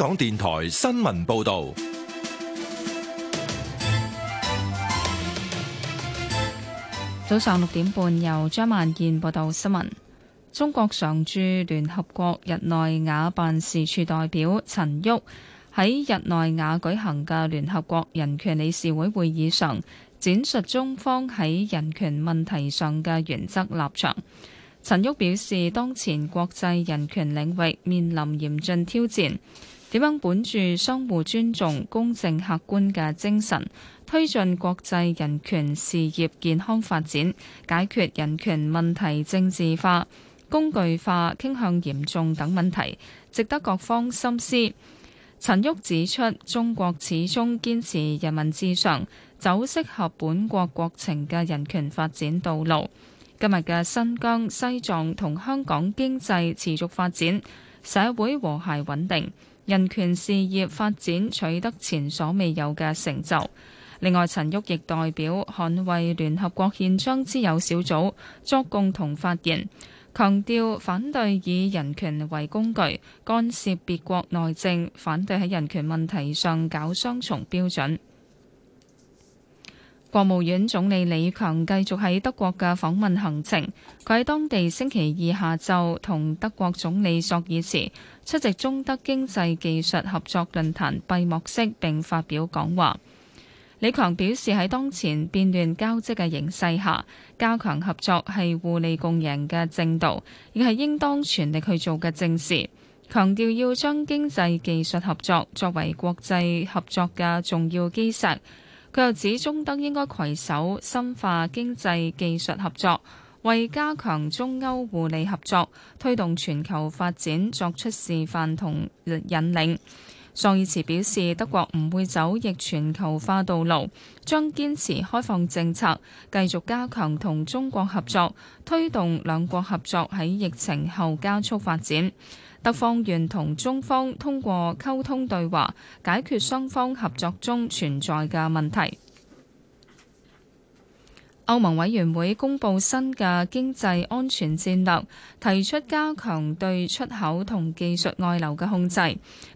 港電台新聞報道，早上六點半由張萬健報道新聞。中國常駐聯合國日內瓦辦事處代表陳旭喺日內瓦舉行嘅聯合國人權理事會會議上，展述中方喺人權問題上嘅原則立場。陳旭表示，當前國際人權領域面臨嚴峻挑戰。點樣本住相互尊重、公正客觀嘅精神，推進國際人權事業健康發展，解決人權問題政治化、工具化傾向嚴重等問題，值得各方深思。陳旭指出，中國始終堅持人民至上，走適合本國國情嘅人權發展道路。今日嘅新疆、西藏同香港經濟持續發展，社會和諧穩定。人權事業發展取得前所未有嘅成就。另外，陳旭亦代表捍衛聯合國憲章之友小組作共同發言，強調反對以人權為工具干涉別國內政，反對喺人權問題上搞雙重標準。國務院總理李強繼續喺德國嘅訪問行程。佢喺當地星期二下晝同德國總理索爾茨出席中德經濟技術合作論壇閉幕式，並發表講話。李強表示喺當前變亂交織嘅形勢下，加強合作係互利共贏嘅正道，亦係應當全力去做嘅正事。強調要將經濟技術合作作為國際合作嘅重要基石。佢又指，中德應該攜手深化經濟技術合作，為加強中歐互利合作、推動全球發展作出示範同引領。朔爾茨表示，德國唔會走逆全球化道路，將堅持開放政策，繼續加強同中國合作，推動兩國合作喺疫情後加速發展。德方願同中方通過溝通對話，解決雙方合作中存在嘅問題。歐盟委員會公布新嘅經濟安全戰略，提出加強對出口同技術外流嘅控制，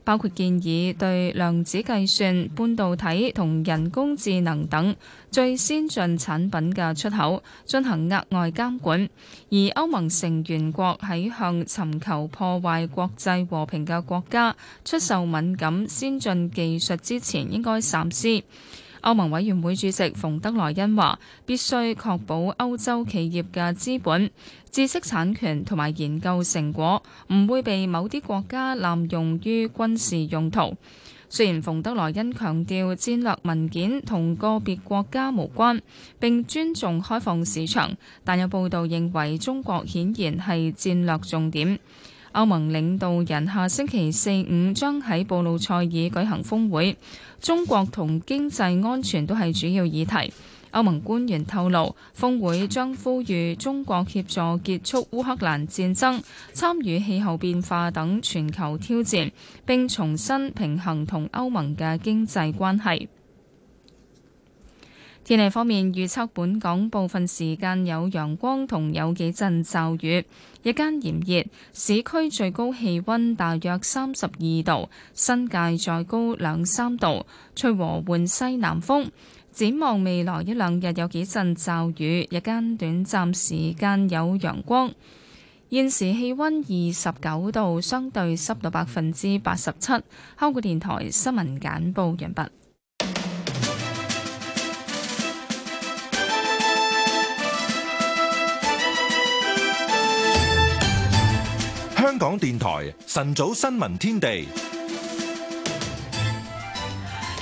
包括建議對量子計算、半導體同人工智能等最先進產品嘅出口進行額外監管。而歐盟成員國喺向尋求破壞國際和平嘅國家出售敏感先進技術之前，應該三思。歐盟委員會主席馮德萊恩話：必須確保歐洲企業嘅資本、知識產權同埋研究成果，唔會被某啲國家濫用於軍事用途。雖然馮德萊恩強調戰略文件同個別國家無關，並尊重開放市場，但有報導認為中國顯然係戰略重點。歐盟領導人下星期四五將喺布魯塞爾舉行峰會。中國同經濟安全都係主要議題。歐盟官員透露，峰會將呼籲中國協助結束烏克蘭戰爭，參與氣候變化等全球挑戰，並重新平衡同歐盟嘅經濟關係。天氣方面預測，預測本港部分時間有陽光同有幾陣驟雨，日間炎熱，市區最高氣温大約三十二度，新界再高兩三度，吹和緩西南風。展望未來一兩日有幾陣驟雨，日間短暫時間有陽光。現時氣温二十九度，相對濕度百分之八十七。香港電台新聞簡報完畢。原本香港電台晨早新聞天地，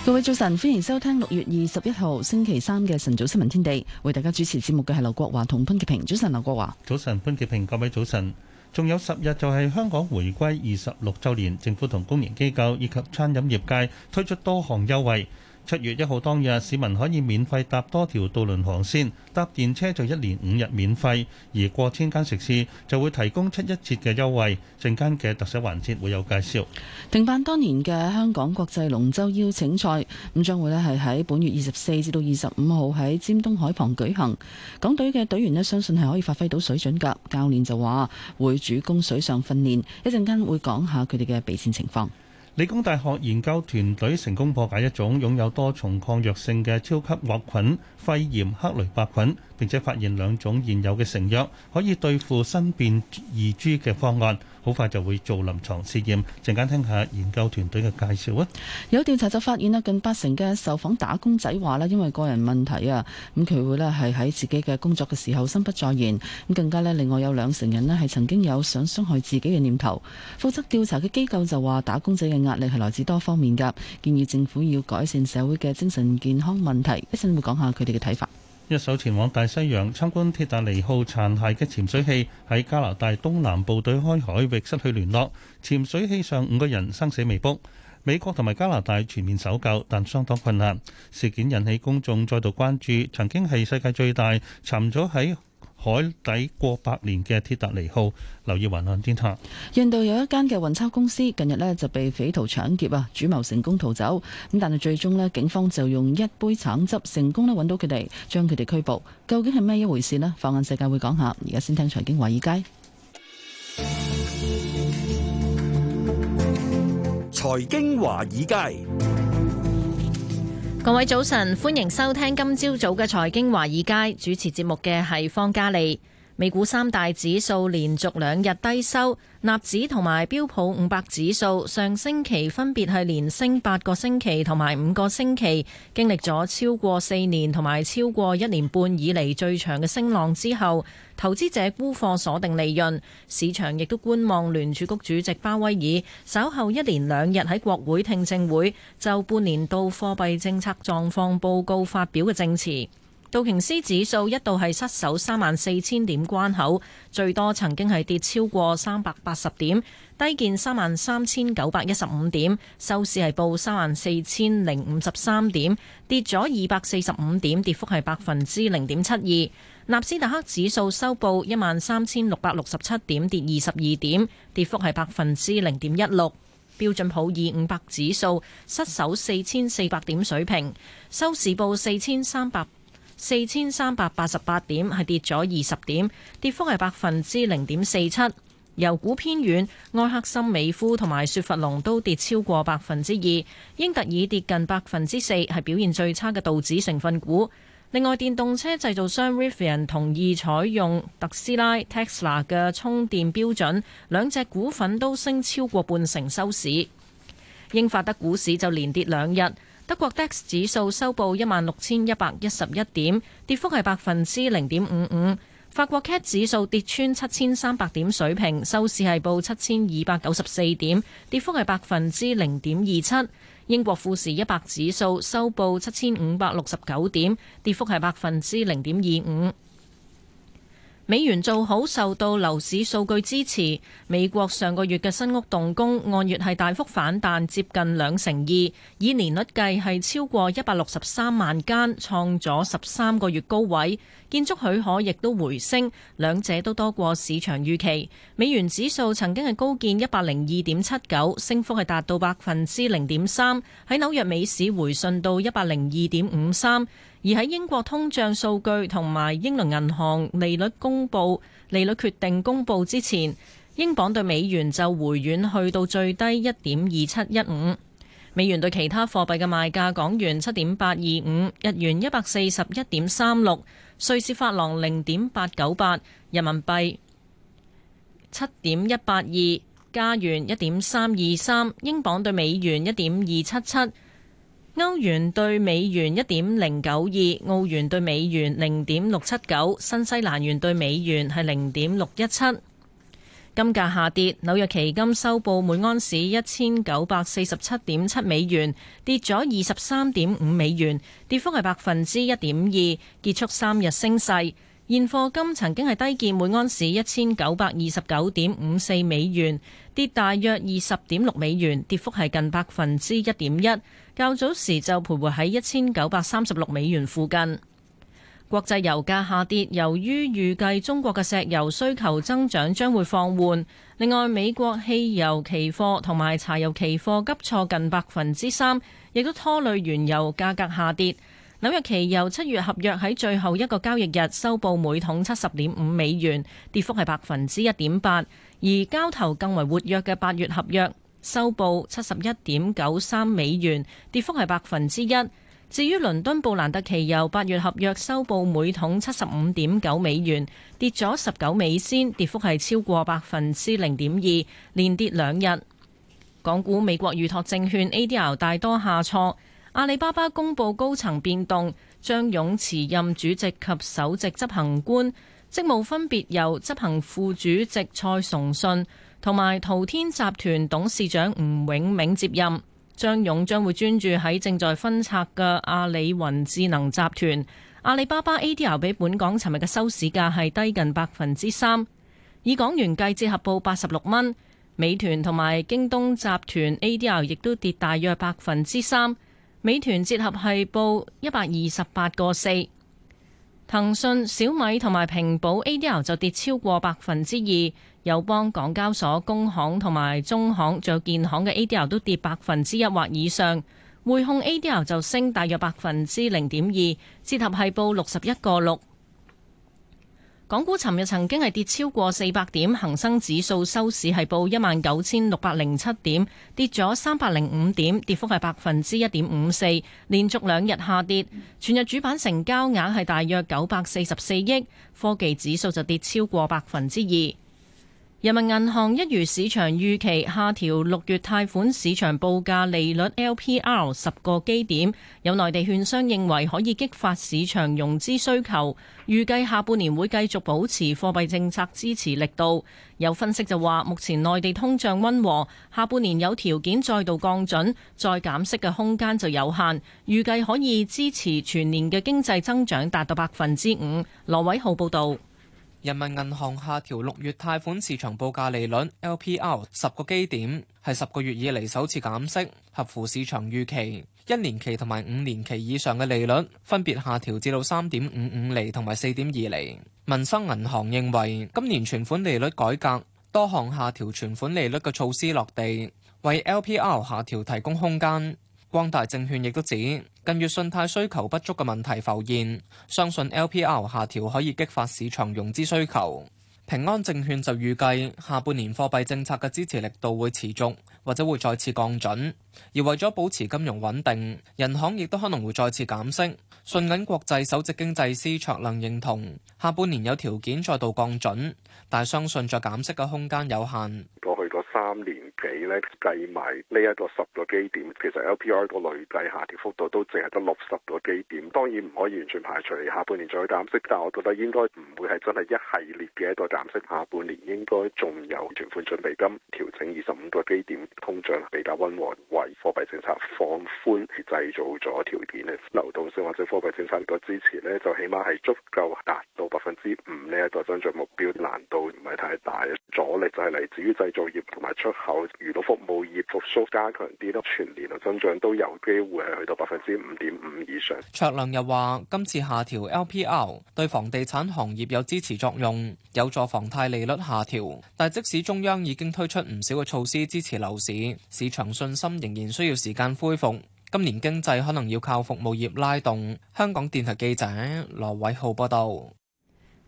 各位早晨，歡迎收聽六月二十一號星期三嘅晨早新聞天地，為大家主持節目嘅係劉國華同潘潔平。早晨，劉國華。早晨，潘潔平。各位早晨，仲有十日就係香港回歸二十六周年，政府同公營機構以及餐飲業界推出多項優惠。七月一號當日，市民可以免費搭多條渡輪航線，搭電車就一連五日免費，而過千間食肆就會提供七一折嘅優惠。陣間嘅特色環節會有介紹。停辦當年嘅香港國際龍舟邀請賽，咁將會咧係喺本月二十四至到二十五號喺尖東海旁舉行。港隊嘅隊員咧相信係可以發揮到水準㗎，教練就話會主攻水上訓練。會會一陣間會講下佢哋嘅備戰情況。理工大學研究團隊成功破解一種擁有多重抗藥性嘅超級惡菌肺炎克雷伯菌。並且發現兩種現有嘅成藥可以對付新變異株嘅方案，好快就會做臨床試驗。陣間聽下研究團隊嘅介紹啊！有調查就發現啦，近八成嘅受訪打工仔話啦，因為個人問題啊，咁佢會咧係喺自己嘅工作嘅時候心不在焉。咁更加呢，另外有兩成人咧係曾經有想傷害自己嘅念頭。負責調查嘅機構就話，打工仔嘅壓力係來自多方面㗎，建議政府要改善社會嘅精神健康問題。一陣會講下佢哋嘅睇法。一艘前往大西洋參觀鐵達尼號殘骸嘅潛水器喺加拿大東南部對開海域失去聯絡，潛水器上五個人生死未卜。美國同埋加拿大全面搜救，但相當困難。事件引起公眾再度關注，曾經係世界最大，沉咗喺海底過百年嘅鐵達尼號，留意雲漢天下。印度有一間嘅運鈔公司，近日咧就被匪徒搶劫啊，主謀成功逃走。咁但係最終咧，警方就用一杯橙汁成功咧搵到佢哋，將佢哋拘捕。究竟係咩一回事咧？放眼世界會講一下。而家先聽財經華爾街。財經華爾街。各位早晨，歡迎收聽今朝早嘅財經華爾街，主持節目嘅係方嘉莉。美股三大指數連續兩日低收，納指同埋標普五百指數上星期分別係連升八個星期同埋五個星期，經歷咗超過四年同埋超過一年半以嚟最長嘅升浪之後，投資者沽貨鎖定利潤，市場亦都觀望聯儲局主席鮑威爾稍後一連兩日喺國會聽證會就半年度貨幣政策狀況報告發表嘅證詞。道瓊斯指數一度係失守三萬四千點關口，最多曾經係跌超過三百八十點，低見三萬三千九百一十五點，收市係報三萬四千零五十三點，跌咗二百四十五點，跌幅係百分之零點七二。納斯達克指數收報一萬三千六百六十七點，跌二十二點，跌幅係百分之零點一六。標準普爾五百指數失守四千四百點水平，收市報四千三百。四千三百八十八點係跌咗二十點，跌幅係百分之零點四七。油股偏軟，愛克森美孚同埋雪佛龍都跌超過百分之二，英特爾跌近百分之四係表現最差嘅道指成分股。另外，電動車製造商 Rivian 同意採用特斯拉 Tesla 嘅充電標準，兩隻股份都升超過半成收市。英法德股市就連跌兩日。德國 DAX 指數收報一萬六千一百一十一點，跌幅係百分之零點五五。法國 CAC 指數跌穿七千三百點水平，收市係報七千二百九十四點，跌幅係百分之零點二七。英國富時一百指數收報七千五百六十九點，跌幅係百分之零點二五。美元做好受到樓市數據支持，美國上個月嘅新屋動工按月係大幅反彈接近兩成二，以年率計係超過一百六十三萬間，創咗十三個月高位。建築許可亦都回升，兩者都多過市場預期。美元指數曾經係高見一百零二點七九，升幅係達到百分之零點三，喺紐約美市回順到一百零二點五三。而喺英國通脹數據同埋英倫銀行利率公布、利率決定公布之前，英鎊對美元就回軟，去到最低一點二七一五。美元對其他貨幣嘅賣價：港元七點八二五，日元一百四十一點三六，瑞士法郎零點八九八，人民幣七點一八二，加元一點三二三，英鎊對美元一點二七七。歐元對美元一點零九二，澳元對美元零點六七九，新西蘭元對美元係零點六一七。金價下跌，紐約期金收報每安士一千九百四十七點七美元，跌咗二十三點五美元，跌幅係百分之一點二，結束三日升勢。現貨金曾經係低見每安士一千九百二十九點五四美元，跌大約二十點六美元，跌幅係近百分之一點一。較早時就徘徊喺一千九百三十六美元附近。國際油價下跌，由於預計中國嘅石油需求增長將會放緩。另外，美國汽油期貨同埋柴油期貨急挫近百分之三，亦都拖累原油價格下跌。紐約期油七月合約喺最後一個交易日收報每桶七十點五美元，跌幅係百分之一點八。而交投更為活躍嘅八月合約收報七十一點九三美元，跌幅係百分之一。至於倫敦布蘭特期油八月合約收報每桶七十五點九美元，跌咗十九美仙，跌幅係超過百分之零點二，連跌兩日。港股美國預託證券 ADR 大多下挫。阿里巴巴公布高層變動，張勇辭任主席及首席執行官職務，分別由執行副主席蔡崇信同埋淘天集團董事長吳泳銘接任。張勇將會專注喺正在分拆嘅阿里雲智能集團。阿里巴巴 A D R 比本港尋日嘅收市價係低近百分之三，以港元計，折合報八十六蚊。美團同埋京東集團 A D R 亦都跌大約百分之三。美團折合係報一百二十八個四，騰訊小米同埋平保 A D R 就跌超過百分之二，友邦、港交所、工行同埋中行，仲有建行嘅 A D R 都跌百分之一或以上，匯控 A D R 就升大約百分之零點二，折合係報六十一個六。港股尋日曾經係跌超過四百點，恒生指數收市係報一萬九千六百零七點，跌咗三百零五點，跌幅係百分之一點五四，連續兩日下跌。全日主板成交額係大約九百四十四億，科技指數就跌超過百分之二。人民銀行一如市場預期，下調六月貸款市場報價利率 LPR 十個基點，有內地券商認為可以激發市場融資需求，預計下半年會繼續保持貨幣政策支持力度。有分析就話目前內地通脹溫和，下半年有條件再度降準再減息嘅空間就有限，預計可以支持全年嘅經濟增長達到百分之五。羅偉浩報道。人民銀行下調六月貸款市場報價利率 （LPR） 十個基點，係十個月以嚟首次減息，合乎市場預期。一年期同埋五年期以上嘅利率分別下調至到三點五五厘同埋四點二厘。民生銀行認為，今年存款利率改革多項下調存款利率嘅措施落地，為 LPR 下調提供空間。光大證券亦都指，近月信貸需求不足嘅問題浮現，相信 LPR 下調可以激發市場融資需求。平安證券就預計，下半年貨幣政策嘅支持力度會持續，或者會再次降準。而為咗保持金融穩定，銀行亦都可能會再次減息。信銀國際首席經濟師卓亮認同，下半年有條件再度降準，但相信再減息嘅空間有限。過去三年，計埋呢一個十個基點，其實 LPR 個累計下跌幅度都淨係得六十個基點。當然唔可以完全排除下半年再減息，但係我覺得應該唔會係真係一系列嘅一個減息。下半年應該仲有存款準備金調整二十五個基點，通脹比較溫和，為貨幣政策放寬製造咗條件咧。流動性或者貨幣政策嘅支持呢，就起碼係足夠達到百分之五呢一個增長目標，難度唔係太大。阻力就係嚟自於製造業同埋出口預錄。遇到服務業復甦加強跌得全年嘅增長都有機會係去到百分之五點五以上。卓亮又話：今次下調 LPR 對房地產行業有支持作用，有助房貸利率下調。但即使中央已經推出唔少嘅措施支持樓市，市場信心仍然需要時間恢復。今年經濟可能要靠服務業拉動。香港電台記者羅偉浩報道。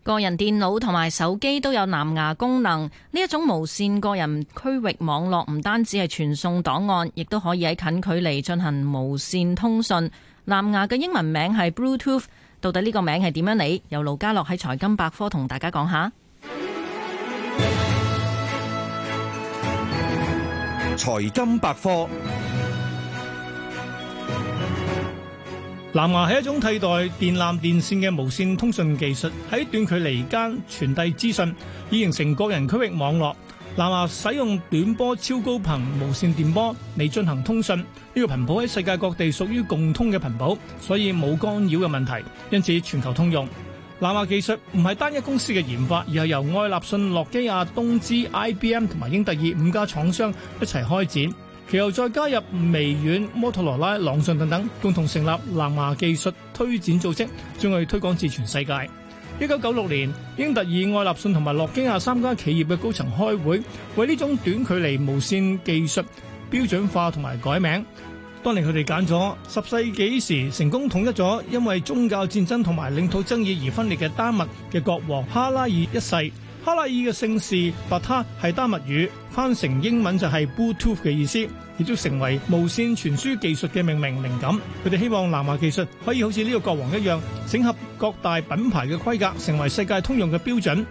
個人電腦同埋手機都有藍牙功能，呢一種無線個人區域網絡唔單止係傳送檔案，亦都可以喺近距離進行無線通訊。藍牙嘅英文名係 Bluetooth，到底呢個名係點樣嚟？由盧家樂喺財金百科同大家講下。財金百科。藍牙係一種替代電纜電線嘅無線通訊技術，喺短距離間傳遞資訊，以形成個人區域網絡。藍牙使用短波超高頻無線電波嚟進行通訊，呢個頻譜喺世界各地屬於共通嘅頻譜，所以冇干擾嘅問題，因此全球通用。藍牙技術唔係單一公司嘅研發，而係由愛立信、諾基亞、東芝、IBM 同埋英特爾五家廠商一齊開展。其後再加入微軟、摩托羅拉、朗訊等等，共同成立藍牙技術推展組織，將佢推廣至全世界。一九九六年，英特爾、愛立信同埋諾基亞三家企業嘅高層開會，為呢種短距離無線技術標準化同埋改名。當年佢哋揀咗十世紀時成功統一咗因為宗教戰爭同埋領土爭議而分裂嘅丹麥嘅國王哈拉爾一世。哈拉爾嘅姓氏白塔係丹麥語，翻成英文就係 Bluetooth 嘅意思，亦都成為無線傳輸技術嘅命名靈感。佢哋希望藍牙技術可以好似呢個國王一樣，整合各大品牌嘅規格，成為世界通用嘅標準。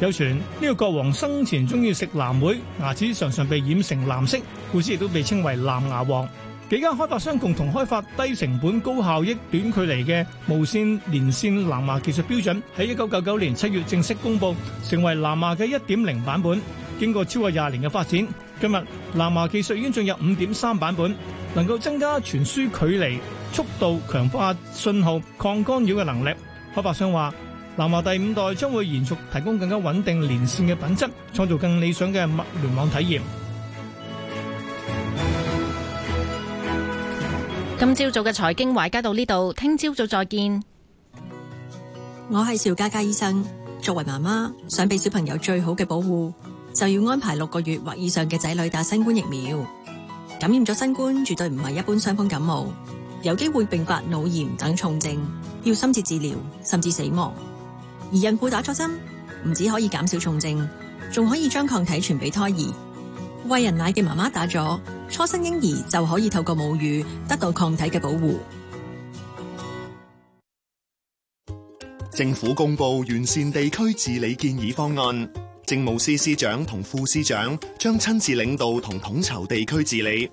有傳呢個國王生前中意食藍莓，牙齒常常被染成藍色，故此亦都被稱為藍牙王。幾間開發商共同開發低成本、高效益、短距離嘅無線連線藍牙技術標準，喺一九九九年七月正式公布，成為藍牙嘅一點零版本。經過超過廿年嘅發展，今日藍牙技術已經進入五點三版本，能夠增加傳輸距離、速度、強化信號、抗干擾嘅能力。開發商話，藍牙第五代將會延續提供更加穩定連線嘅品質，創造更理想嘅物聯網體驗。今朝早嘅財經懷家到呢度，聽朝早再見。我係邵嘉嘉醫生。作為媽媽，想俾小朋友最好嘅保護，就要安排六個月或以上嘅仔女打新冠疫苗。感染咗新冠，絕對唔係一般傷風感冒，有機會併發腦炎等重症，要深切治療，甚至死亡。而孕婦打咗針，唔止可以減少重症，仲可以將抗體傳俾胎兒。餵人奶嘅媽媽打咗，初生嬰兒就可以透過母乳得到抗體嘅保護。政府公布完善地區治理建議方案，政務司司長同副司長將親自領導同統籌地區治理。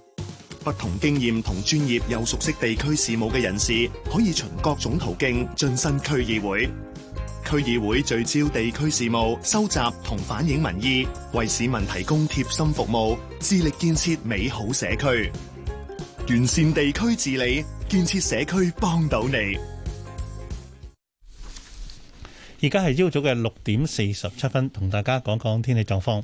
不同經驗同專業又熟悉地區事務嘅人士，可以循各種途徑晉身區議會。區議會聚焦地區事務，收集同反映民意，為市民提供貼心服務，致力建設美好社區，完善地區治理，建設社區，幫到你。而家係朝早嘅六點四十七分，同大家講講天氣狀況。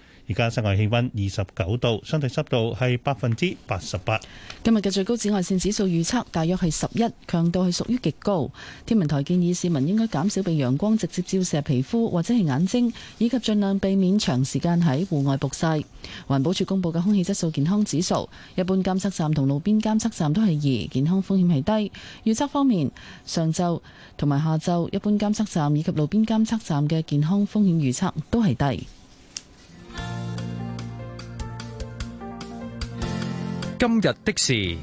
而家室外氣溫二十九度，相對濕度係百分之八十八。今日嘅最高紫外線指數預測大約係十一，強度係屬於極高。天文台建議市民應該減少被陽光直接照射皮膚或者係眼睛，以及盡量避免長時間喺戶外曝曬。環保署公布嘅空氣質素健康指數，一般監測站同路邊監測站都係二，健康風險係低。預測方面，上晝同埋下晝一般監測站以及路邊監測站嘅健康風險預測都係低。今日的事，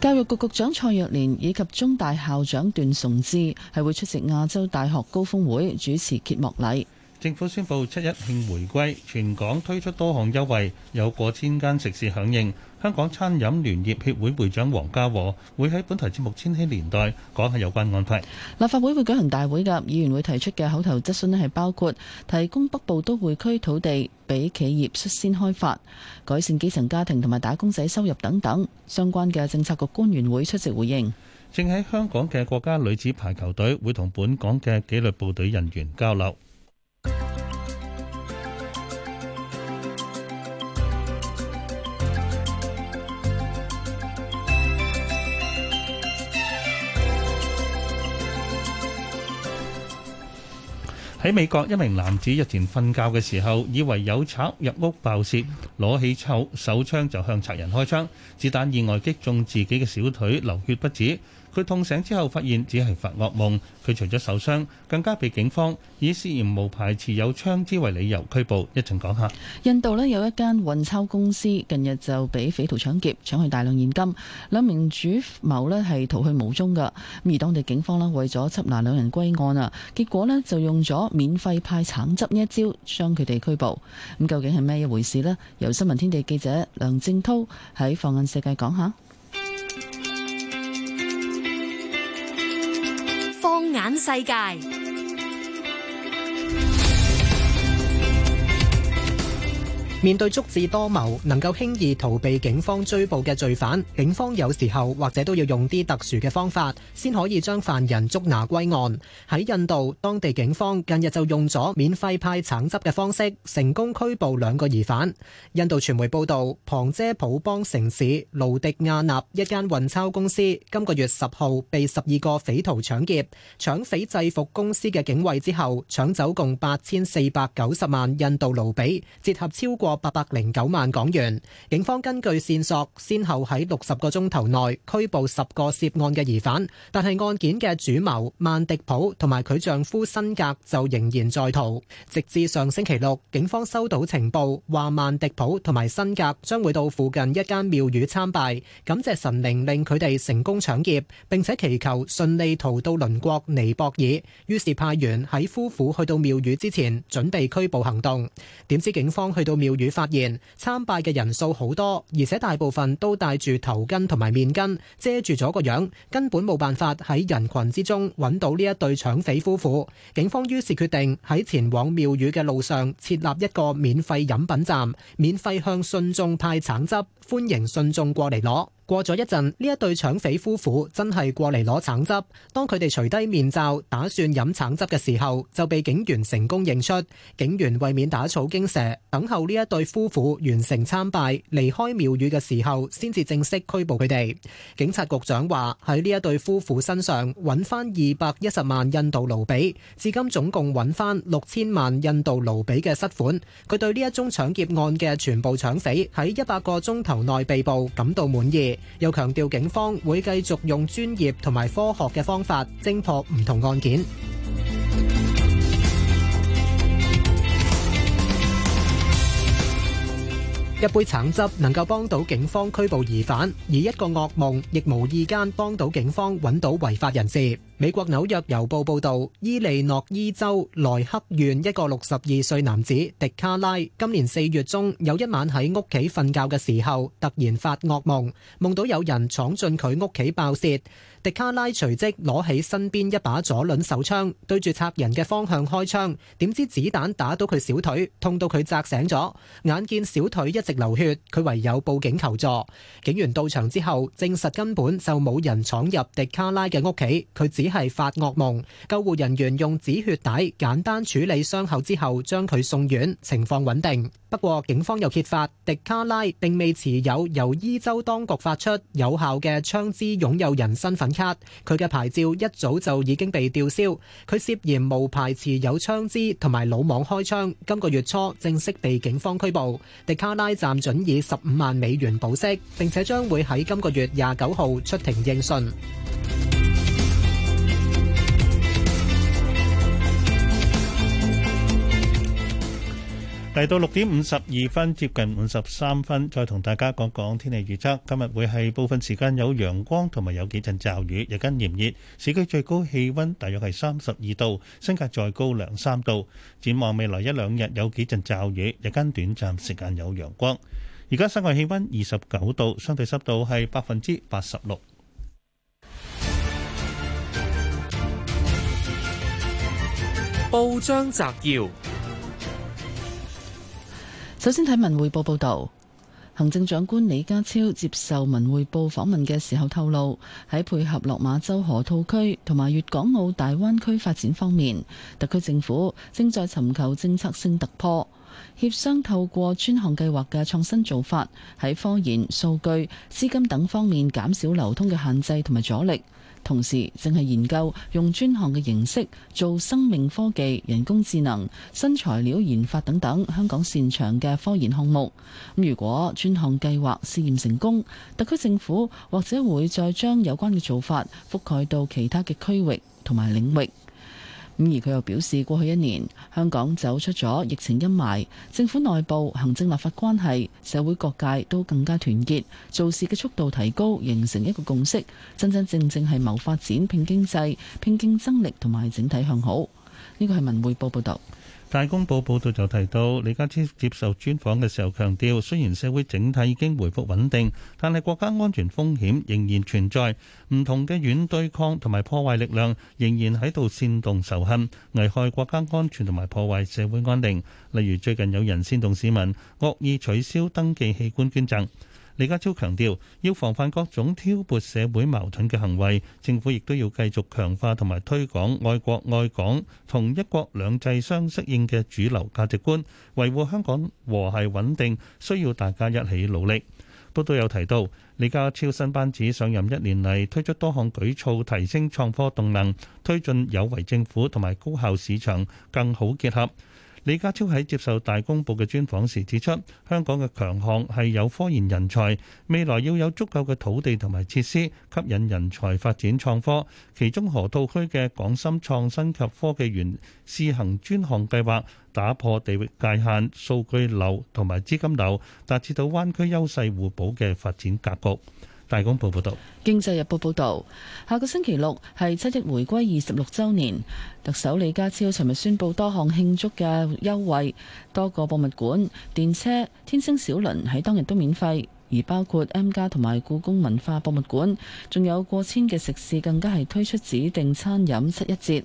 教育局局長蔡若蓮以及中大校長段崇智係會出席亞洲大學高峰會主持揭幕禮。政府宣布七一慶回歸，全港推出多項優惠，有過千間食肆響應。香港餐飲聯業協會會長黃家和會喺本台節目《千禧年代》講下有關安排。立法會會舉行大會嘅，議員會提出嘅口頭質詢咧，係包括提供北部都會區土地俾企業率先開發，改善基層家庭同埋打工仔收入等等相關嘅政策局官員會出席回應。正喺香港嘅國家女子排球隊會同本港嘅紀律部隊人員交流。喺美國，一名男子日前瞓覺嘅時候，以為有賊入屋爆竊，攞起手手槍就向賊人開槍，子彈意外擊中自己嘅小腿，流血不止。佢痛醒之後，發現只係發惡夢。佢除咗受傷，更加被警方以涉嫌無牌持有槍支為理由拘捕。一陣講下，印度有一間運鈔公司近日就俾匪徒搶劫，搶去大量現金。兩名主謀咧係逃去無蹤噶。咁而當地警方咧為咗緝拿兩人歸案啊，結果咧就用咗免費派橙汁呢一招將佢哋拘捕。咁究竟係咩一回事呢？由新聞天地記者梁正濤喺放眼世界講下。眼世界。面對足智多謀，能夠輕易逃避警方追捕嘅罪犯，警方有時候或者都要用啲特殊嘅方法，先可以將犯人捉拿歸案。喺印度，當地警方近日就用咗免費派橙汁嘅方式，成功拘捕兩個疑犯。印度傳媒報導，旁遮普邦城市盧迪亞納一間運鈔公司今個月十號被十二個匪徒搶劫，搶匪制服公司嘅警衛之後，搶走共八千四百九十萬印度盧比，折合超過，八百零九萬港元，警方根據線索，先後喺六十個鐘頭內拘捕十個涉案嘅疑犯，但係案件嘅主謀曼迪普同埋佢丈夫辛格就仍然在逃。直至上星期六，警方收到情報，話曼迪普同埋辛格將會到附近一間廟宇參拜，感謝神靈令佢哋成功搶劫，並且祈求順利逃到鄰國尼泊爾。於是派員喺夫婦去到廟宇之前，準備拘捕行動。點知警方去到廟與發現參拜嘅人數好多，而且大部分都戴住頭巾同埋面巾，遮住咗個樣，根本冇辦法喺人群之中揾到呢一對搶匪夫婦。警方於是決定喺前往廟宇嘅路上設立一個免費飲品站，免費向信眾派橙汁，歡迎信眾過嚟攞。過咗一陣，呢一對搶匪夫婦真係過嚟攞橙汁。當佢哋除低面罩，打算飲橙汁嘅時候，就被警員成功認出。警員為免打草驚蛇，等候呢一對夫婦完成參拜、離開廟宇嘅時候，先至正式拘捕佢哋。警察局長話：喺呢一對夫婦身上揾翻二百一十萬印度盧比，至今總共揾翻六千萬印度盧比嘅失款。佢對呢一宗搶劫案嘅全部搶匪喺一百個鐘頭內被捕，感到滿意。又強調警方會繼續用專業同埋科學嘅方法，偵破唔同案件。一杯橙汁能夠幫到警方拘捕疑犯，而一個惡夢亦無意間幫到警方揾到違法人士。美國紐約郵報報導，伊利諾伊州萊克縣一個六十二歲男子迪卡拉，今年四月中有一晚喺屋企瞓覺嘅時候，突然發惡夢，夢到有人闖進佢屋企爆竊。迪卡拉隨即攞起身邊一把左輪手槍，對住賊人嘅方向開槍。點知子彈打到佢小腿，痛到佢紮醒咗。眼見小腿一直流血，佢唯有報警求助。警員到場之後證實根本就冇人闖入迪卡拉嘅屋企，佢只係發噩夢。救護人員用止血帶簡單處理傷口之後，將佢送院，情況穩定。不過警方又揭發迪卡拉並未持有由伊州當局發出有效嘅槍支擁有人身份。佢嘅牌照一早就已經被吊銷，佢涉嫌無牌持有槍支同埋魯莽開槍，今個月初正式被警方拘捕。迪卡拉暫准以十五萬美元保釋，並且將會喺今個月廿九號出庭應訊。嚟到六點五十二分，接近五十三分，再同大家講講天氣預測。今日會係部分時間有陽光同埋有幾陣驟雨，日間炎熱，市區最高氣溫大約係三十二度，新界再高兩三度。展望未來一兩日有幾陣驟雨，日間短暫時間有陽光。而家室外氣溫二十九度，相對濕度係百分之八十六。報章摘要。首先睇文匯報報道，行政長官李家超接受文匯報訪問嘅時候透露，喺配合落馬洲河套區同埋粵港澳大灣區發展方面，特區政府正在尋求政策性突破，協商透過專項計劃嘅創新做法，喺科研、數據、資金等方面減少流通嘅限制同埋阻力。同時，淨係研究用專項嘅形式做生命科技、人工智能、新材料研發等等香港擅長嘅科研項目。咁如果專項計劃試驗成功，特區政府或者會再將有關嘅做法覆蓋到其他嘅區域同埋領域。咁而佢又表示，過去一年香港走出咗疫情陰霾，政府內部、行政立法關係、社會各界都更加團結，做事嘅速度提高，形成一個共識，真真正正係謀發展、拼經濟、拼競爭力同埋整體向好。呢個係文匯報報道。大公報報導就提到，李家超接受專訪嘅時候強調，雖然社會整體已經回復穩定，但係國家安全風險仍然存在。唔同嘅軟對抗同埋破壞力量仍然喺度煽動仇恨，危害國家安全同埋破壞社會安定。例如最近有人煽動市民惡意取消登記器官捐贈。李家超強調，要防範各種挑撥社會矛盾嘅行為，政府亦都要繼續強化同埋推廣愛國愛港、同一國兩制相適應嘅主流價值觀，維護香港和諧穩定，需要大家一起努力。都都有提到，李家超新班子上任一年嚟，推出多項舉措，提升創科動能，推進有為政府同埋高效市場更好結合。李家超喺接受《大公報》嘅專訪時指出，香港嘅強項係有科研人才，未來要有足夠嘅土地同埋設施吸引人才發展創科。其中，河套區嘅港深創新及科技園試行專項計劃，打破地域界限，數據流同埋資金流，達至到灣區優勢互補嘅發展格局。大公報報道，《經濟日報》報道，下個星期六係七一回歸二十六周年，特首李家超尋日宣佈多項慶祝嘅優惠，多個博物館、電車、天星小輪喺當日都免費，而包括 M 家同埋故宮文化博物館，仲有過千嘅食肆更加係推出指定餐飲七一折。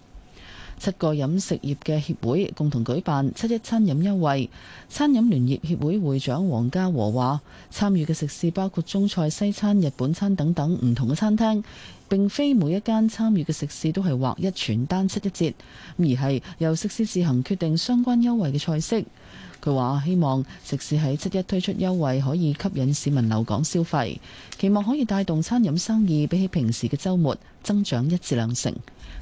七個飲食業嘅協會共同舉辦七一餐飲優惠。餐飲聯業協會會,會長黃家和話，參與嘅食肆包括中菜、西餐、日本餐等等唔同嘅餐廳，並非每一間參與嘅食肆都係劃一全單七一折，而係由食肆自行決定相關優惠嘅菜式。佢話希望食肆喺七一推出優惠，可以吸引市民留港消費，期望可以帶動餐飲生意，比起平時嘅周末增長一至兩成。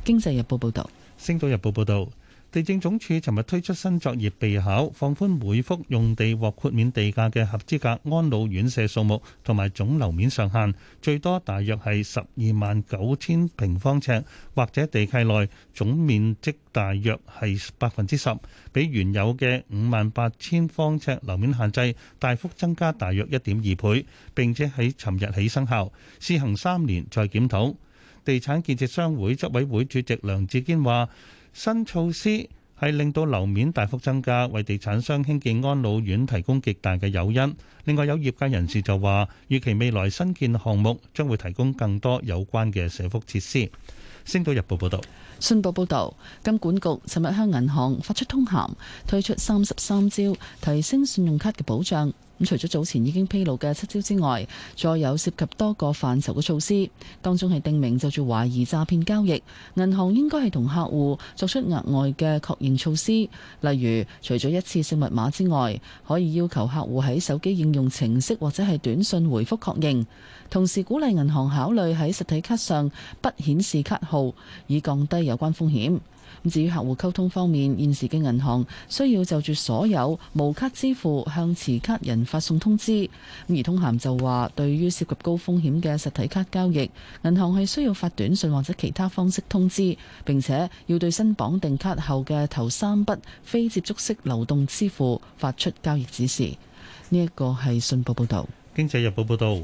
經濟日報報道。《星島日報》報導，地政總署尋日推出新作業備考，放寬每幅用地或豁免地價嘅合資格安老院舍數目同埋總樓面上限，最多大約係十二萬九千平方尺，或者地契內總面積大約係百分之十，比原有嘅五萬八千方尺樓面限制大幅增加大約一點二倍，並且喺尋日起生效，試行三年再檢討。地產建設商會執委會主席梁志堅話，新措施係令到樓面大幅增加，為地產商興建安老院提供極大嘅誘因。另外有業界人士就話，預期未來新建項目將會提供更多有關嘅社福設施。星島日報報道，信報報道，金管局尋日向銀行發出通函，推出三十三招提升信用卡嘅保障。咁除咗早前已經披露嘅七招之外，再有涉及多個範疇嘅措施，當中係訂明就住懷疑詐騙交易，銀行應該係同客戶作出額外嘅確認措施，例如除咗一次性密碼之外，可以要求客戶喺手機應用程式或者係短信回覆確認，同時鼓勵銀行考慮喺實體卡上不顯示卡號，以降低有關風險。至於客戶溝通方面，現時嘅銀行需要就住所有無卡支付向持卡人發送通知。咁而通函就話，對於涉及高風險嘅實體卡交易，銀行係需要發短信或者其他方式通知，並且要對新綁定卡後嘅頭三筆非接觸式流動支付發出交易指示。呢一個係信報報導，《經濟日報》報導。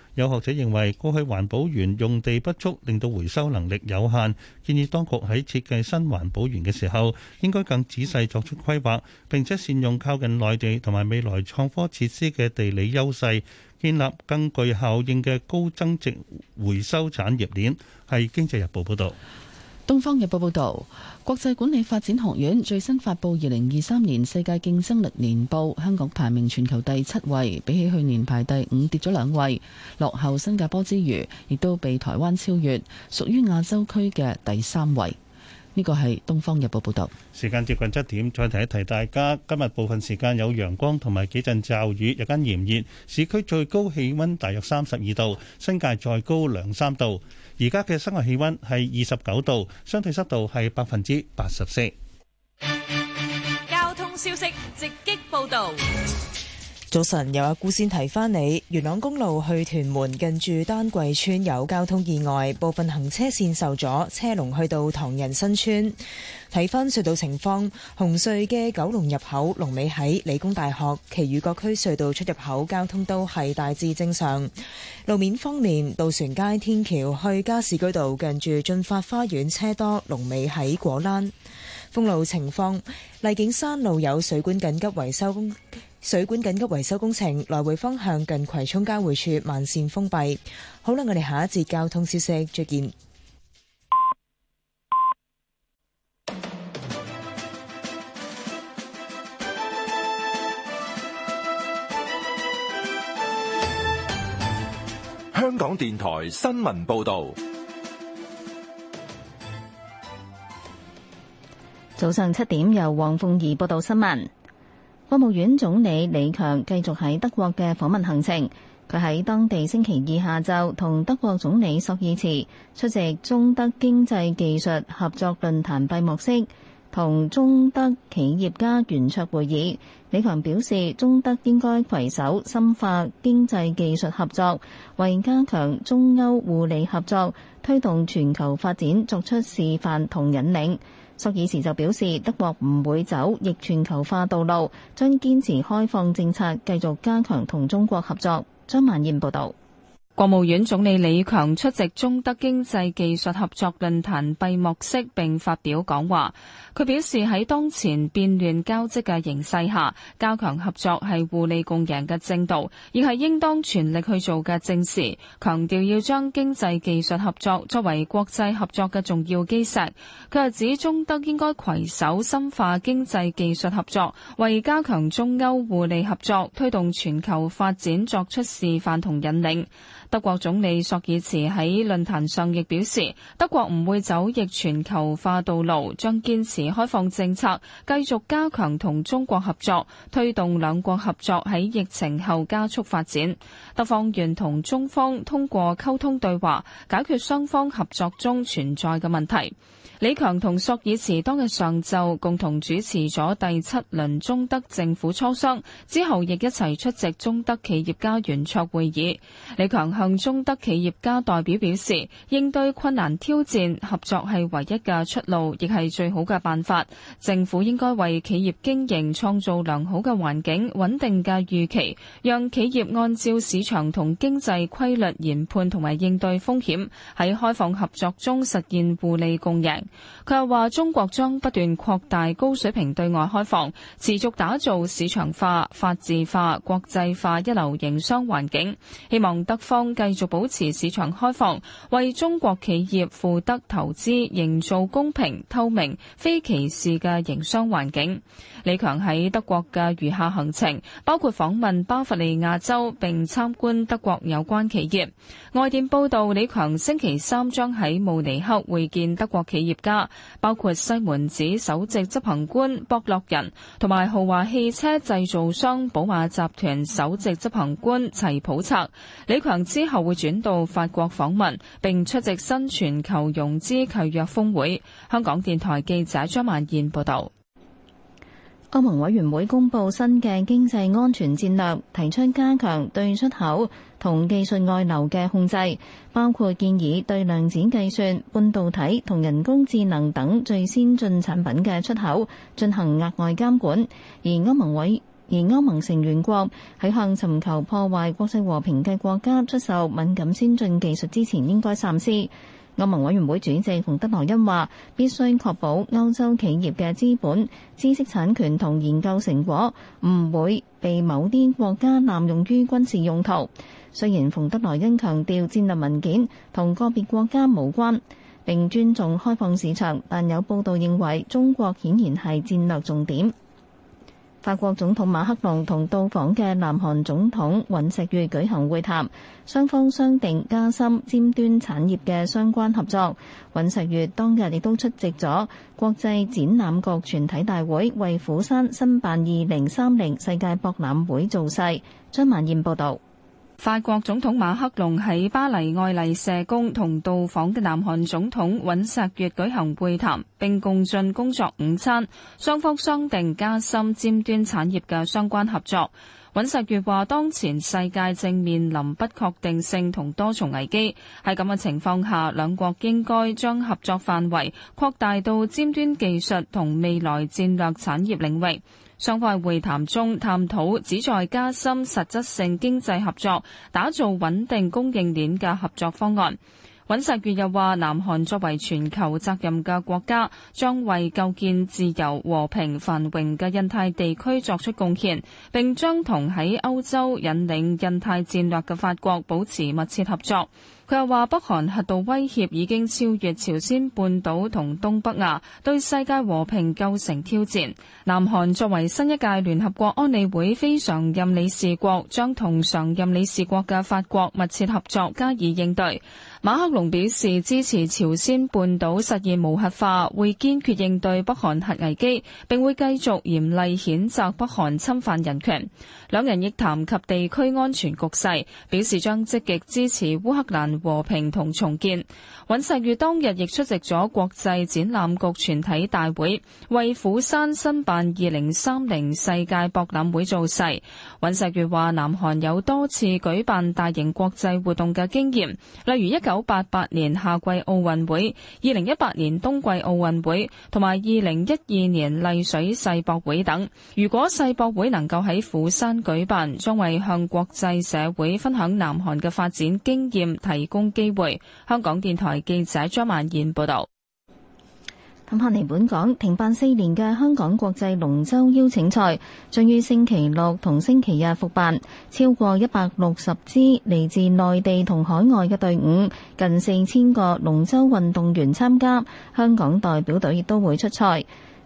有學者認為，過去環保園用地不足，令到回收能力有限。建議當局喺設計新環保園嘅時候，應該更仔細作出規劃，並且善用靠近內地同埋未來創科設施嘅地理優勢，建立更具效應嘅高增值回收產業鏈。係《經濟日報》報導。東方日報報道，國際管理發展學院最新發布《二零二三年世界競爭力年報》，香港排名全球第七位，比起去年排第五，跌咗兩位，落後新加坡之餘，亦都被台灣超越，屬於亞洲區嘅第三位。呢個係東方日報報道。時間接近七點，再提一提大家，今日部分時間有陽光同埋幾陣驟雨，日間炎熱，市區最高氣温大約三十二度，新界再高兩三度。而家嘅室外氣温係二十九度，相對濕度係百分之八十四。交通消息直擊報導。早晨，有阿姑先提翻你。元朗公路去屯門近住丹桂村有交通意外，部分行車線受阻，車龍去到唐人新村。睇翻隧道情況，紅隧嘅九龍入口龍尾喺理工大學，其餘各區隧道出入口交通都係大致正常。路面方面，渡船街天橋去加士居道近住駿發花園車多，龍尾喺果欄。封路情況，荔景山路有水管緊急維修工。水管緊急維修工程，來回方向近葵涌交匯處慢線封閉。好啦，我哋下一節交通消息，再見。香港電台新聞報道，早上七點，由黃鳳儀報道新聞。國務院總理李強繼續喺德國嘅訪問行程。佢喺當地星期二下晝同德國總理朔爾茨出席中德經濟技術合作論壇閉幕式同中德企業家圓桌會議。李強表示，中德應該攜手深化經濟技術合作，為加強中歐互利合作、推動全球發展作出示範同引領。索爾時就表示，德國唔會走逆全球化道路，將堅持開放政策，繼續加強同中國合作。張曼燕報道。國務院總理李強出席中德經濟技術合作論壇閉幕式，並發表講話。佢表示喺當前變亂交織嘅形勢下，加強合作係互利共贏嘅正道，亦係應當全力去做嘅正事。強調要將經濟技術合作作為國際合作嘅重要基石。佢係指中德應該攜手深化經濟技術合作，為加強中歐互利合作、推動全球發展作出示範同引領。德國總理朔爾茨喺論壇上亦表示，德國唔會走逆全球化道路，將堅持開放政策，繼續加強同中國合作，推動兩國合作喺疫情後加速發展。德方願同中方通過溝通對話，解決雙方合作中存在嘅問題。李強同索爾茨當日上晝共同主持咗第七輪中德政府磋商，之後亦一齊出席中德企業家圓桌會議。李強向中德企業家代表表示，應對困難挑戰，合作係唯一嘅出路，亦係最好嘅辦法。政府應該為企業經營創造良好嘅環境、穩定嘅預期，讓企業按照市場同經濟規律研判同埋應對風險，喺開放合作中實現互利共贏。佢又話，中國將不斷擴大高水平對外開放，持續打造市場化、法治化、國際化一流營商環境。希望德方繼續保持市場開放，為中國企業赴德投資營造公平、透明、非歧視嘅營商環境。李強喺德國嘅餘下行程包括訪問巴伐利亞州，並參觀德國有關企業。外電報道，李強星期三將喺慕尼黑會見德國企業。企業家包括西門子首席執行官博洛仁，同埋豪華汽車製造商寶馬集團首席執行官齊普策。李強之後會轉到法國訪問，並出席新全球融資契約峰會。香港電台記者張曼燕報道。歐盟委員會公布新嘅經濟安全戰略，提出加強對出口。同技術外流嘅控制，包括建議對量子計算、半導體同人工智能等最先進產品嘅出口進行額外監管。而歐盟委而歐盟成員國喺向尋求破壞國際和平嘅國家出售敏感先進技術之前，應該三思。歐盟委員會主席馮德萊恩話：必須確保歐洲企業嘅資本、知識產權同研究成果唔會被某啲國家濫用於軍事用途。雖然馮德萊恩強調戰略文件同個別國家無關，並尊重開放市場，但有報道認為中國顯然係戰略重點。法國總統馬克龍同到訪嘅南韓總統尹錫悅舉行會談，雙方商定加深尖端產業嘅相關合作。尹錫悅當日亦都出席咗國際展覽局全體大會，為釜山申辦2030世界博覽會造勢。張萬燕報導。法國總統馬克龍喺巴黎愛麗舍宮同到訪嘅南韓總統尹錫月舉行會談，並共進工作午餐。雙方商定加深尖端產業嘅相關合作。尹錫月話：當前世界正面臨不確定性同多重危機，喺咁嘅情況下，兩國應該將合作範圍擴大到尖端技術同未來戰略產業領域。雙方喺會談中探討旨在加深實質性經濟合作、打造穩定供應鏈嘅合作方案。尹錫悅又話，南韓作為全球責任嘅國家，將為構建自由、和平、繁榮嘅印太地區作出貢獻，並將同喺歐洲引領印太戰略嘅法國保持密切合作。佢又話：北韓核導威脅已經超越朝鮮半島同東北亞，對世界和平構成挑戰。南韓作為新一屆聯合國安理會非常任理事國，將同常任理事國嘅法國密切合作，加以應對。馬克龍表示支持朝鮮半島實現無核化，會堅決應對北韓核危機，並會繼續嚴厲譴責北韓侵犯人權。兩人亦談及地區安全局勢，表示將積極支持烏克蘭和平同重建。尹錫悅當日亦出席咗國際展覽局全體大會，為釜山申辦2030世界博覽會造勢。尹錫悅話：南韓有多次舉辦大型國際活動嘅經驗，例如1988年夏季奧運會、2018年冬季奧運會同埋2012年麗水世博會等。如果世博會能夠喺釜山舉辦，將為向國際社會分享南韓嘅發展經驗提供機會。香港電台。記者張曼燕報道，近吓嚟，本港停辦四年嘅香港國際龍舟邀請賽，將於星期六同星期日復辦，超過一百六十支嚟自內地同海外嘅隊伍，近四千個龍舟運動員參加，香港代表隊亦都會出賽。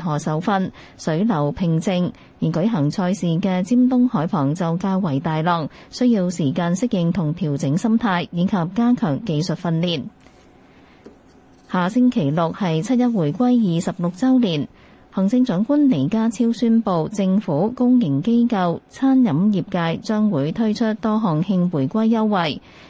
何受訓水流平靜，而舉行賽事嘅尖東海旁就較為大浪，需要時間適應同調整心態，以及加強技術訓練。下星期六係七一回歸二十六周年，行政長官李家超宣佈，政府公營機構餐飲業界將會推出多項慶回歸優惠。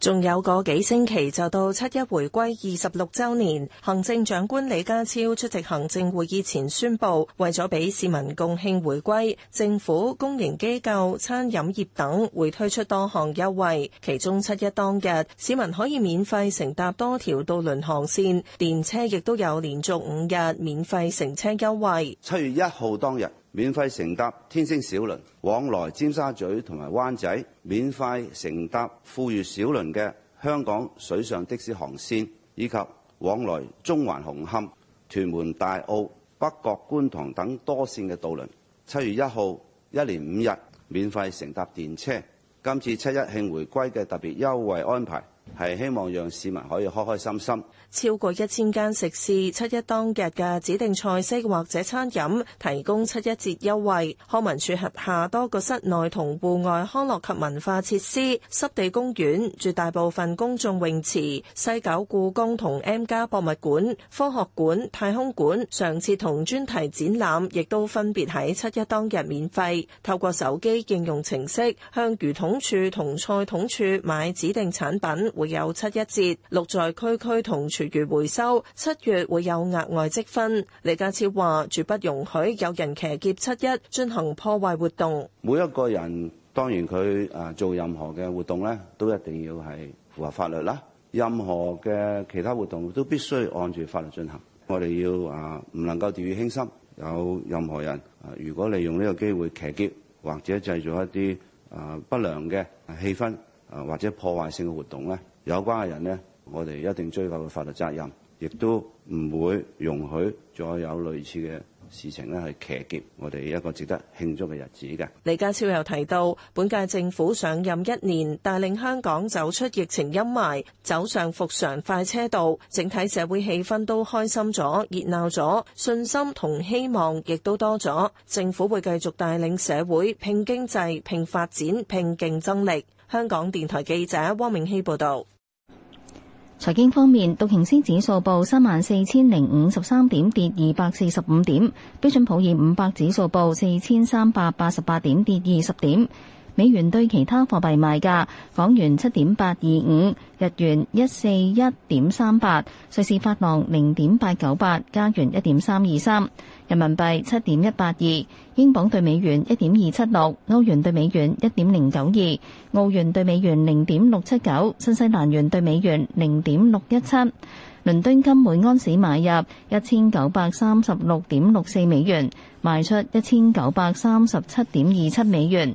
仲有個幾星期就到七一回歸二十六週年，行政長官李家超出席行政會議前宣布，為咗俾市民共慶回歸，政府、公營機構、餐飲業等會推出多項優惠。其中七一當日，市民可以免費乘搭多條渡輪航線，電車亦都有連續五日免費乘車優惠。七月一號當日，免費乘搭天星小輪往來尖沙咀同埋灣仔，免費乘搭富裕小輪嘅香港水上的士航線，以及往來中環紅磡、屯門大澳、北角觀塘等多線嘅渡輪。七月一號一連五日免費乘搭電車。今次七一慶回歸嘅特別優惠安排，係希望讓市民可以開開心心。超過一千間食肆七一當日嘅指定菜式或者餐飲，提供七一折優惠。康文署轄下多個室內同戶外康樂及文化設施、濕地公園、絕大部分公眾泳池、西九故宮同 M 家博物館、科學館、太空館、常設同專題展覽，亦都分別喺七一當日免費。透過手機應用程式向魚桶處同菜桶處買指定產品，會有七一折。六在區區同，隨月回收，七月會有額外積分。李家超話：絕不容許有人騎劫七一進行破壞活動。每一個人當然佢啊做任何嘅活動咧，都一定要係符合法律啦。任何嘅其他活動都必須按住法律進行。我哋要啊唔能夠掉以輕心。有任何人啊，如果利用呢個機會騎劫或者製造一啲啊不良嘅氣氛啊或者破壞性嘅活動咧，有關嘅人咧。我哋一定追究嘅法律責任，亦都唔會容許再有類似嘅事情咧，係騎劫我哋一個值得慶祝嘅日子嘅。李家超又提到，本屆政府上任一年，帶領香港走出疫情陰霾，走上復常快車道，整體社會氣氛都開心咗、熱鬧咗，信心同希望亦都多咗。政府會繼續帶領社會拼經濟拼發展、拼競爭力。香港電台記者汪明熙報道。財經方面，道瓊斯指數報三萬四千零五十三點，跌二百四十五點；標準普爾五百指數報四千三百八十八點，跌二十點。美元對其他貨幣賣價，港元七點八二五，日元一四一點三八，瑞士法郎零點八九八，加元一點三二三。人民幣七點一八二，英鎊兌美元一點二七六，歐元兌美元一點零九二，澳元兌美元零點六七九，新西蘭元兌美元零點六一七，倫敦金每安士買入一千九百三十六點六四美元，賣出一千九百三十七點二七美元。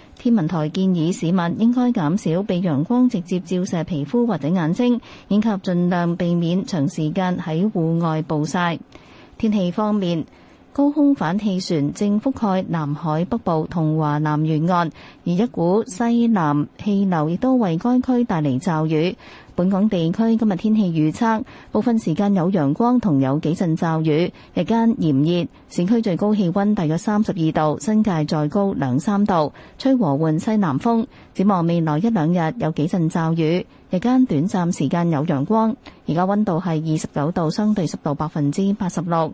天文台建議市民應該減少被陽光直接照射皮膚或者眼睛，以及盡量避免長時間喺戶外暴曬。天氣方面。高空反氣旋正覆蓋南海北部同華南沿岸，而一股西南氣流亦都為該區帶嚟驟雨。本港地區今日天氣預測，部分時間有陽光同有幾陣驟雨，日間炎熱，市區最高氣温大約三十二度，新界再高兩三度，吹和緩西南風。展望未來一兩日有幾陣驟雨，日間短暫時間有陽光。而家温度係二十九度，相對濕度百分之八十六。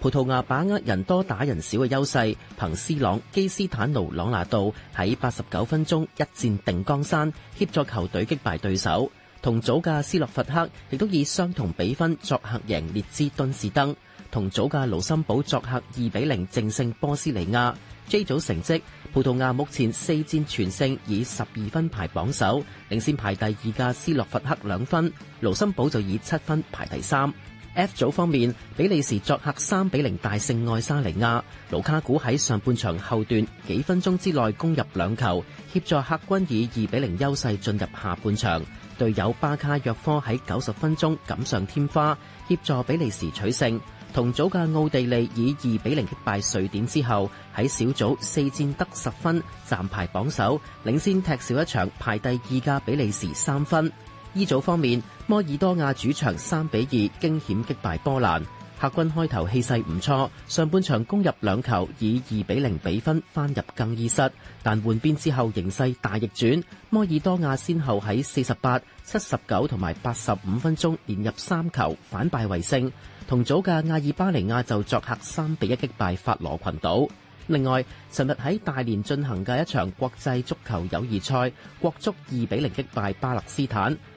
葡萄牙把握人多打人少嘅優勢，憑斯朗基斯坦奴朗拿度喺八十九分鐘一戰定江山，協助球隊擊敗對手。同組嘅斯洛伐克亦都以相同比分作客贏列支敦士登。同組嘅盧森堡作客二比零淨勝波斯尼亞。J 組成績，葡萄牙目前四戰全勝，以十二分排榜首，領先排第二嘅斯洛伐克兩分。盧森堡就以七分排第三。F 組方面，比利時作客三比零大勝愛沙尼亞，盧卡古喺上半場後段幾分鐘之內攻入兩球，協助客軍以二比零優勢進入下半場。隊友巴卡約科喺九十分鐘錦上添花，協助比利時取勝。同組嘅奧地利以二比零擊敗瑞典之後，喺小組四戰得十分，暫排榜首，領先踢少一場排第二嘅比利時三分。依組方面，摩爾多瓦主場三比二驚險擊敗波蘭，客軍開頭氣勢唔錯，上半場攻入兩球，以二比零比分返入更衣室。但換邊之後形勢大逆轉，摩爾多瓦先後喺四十八、七十九同埋八十五分鐘連入三球，反敗為勝。同組嘅阿爾巴尼亞就作客三比一擊敗法羅群島。另外，尋日喺大連進行嘅一場國際足球友誼賽，國足二比零擊敗巴勒斯坦。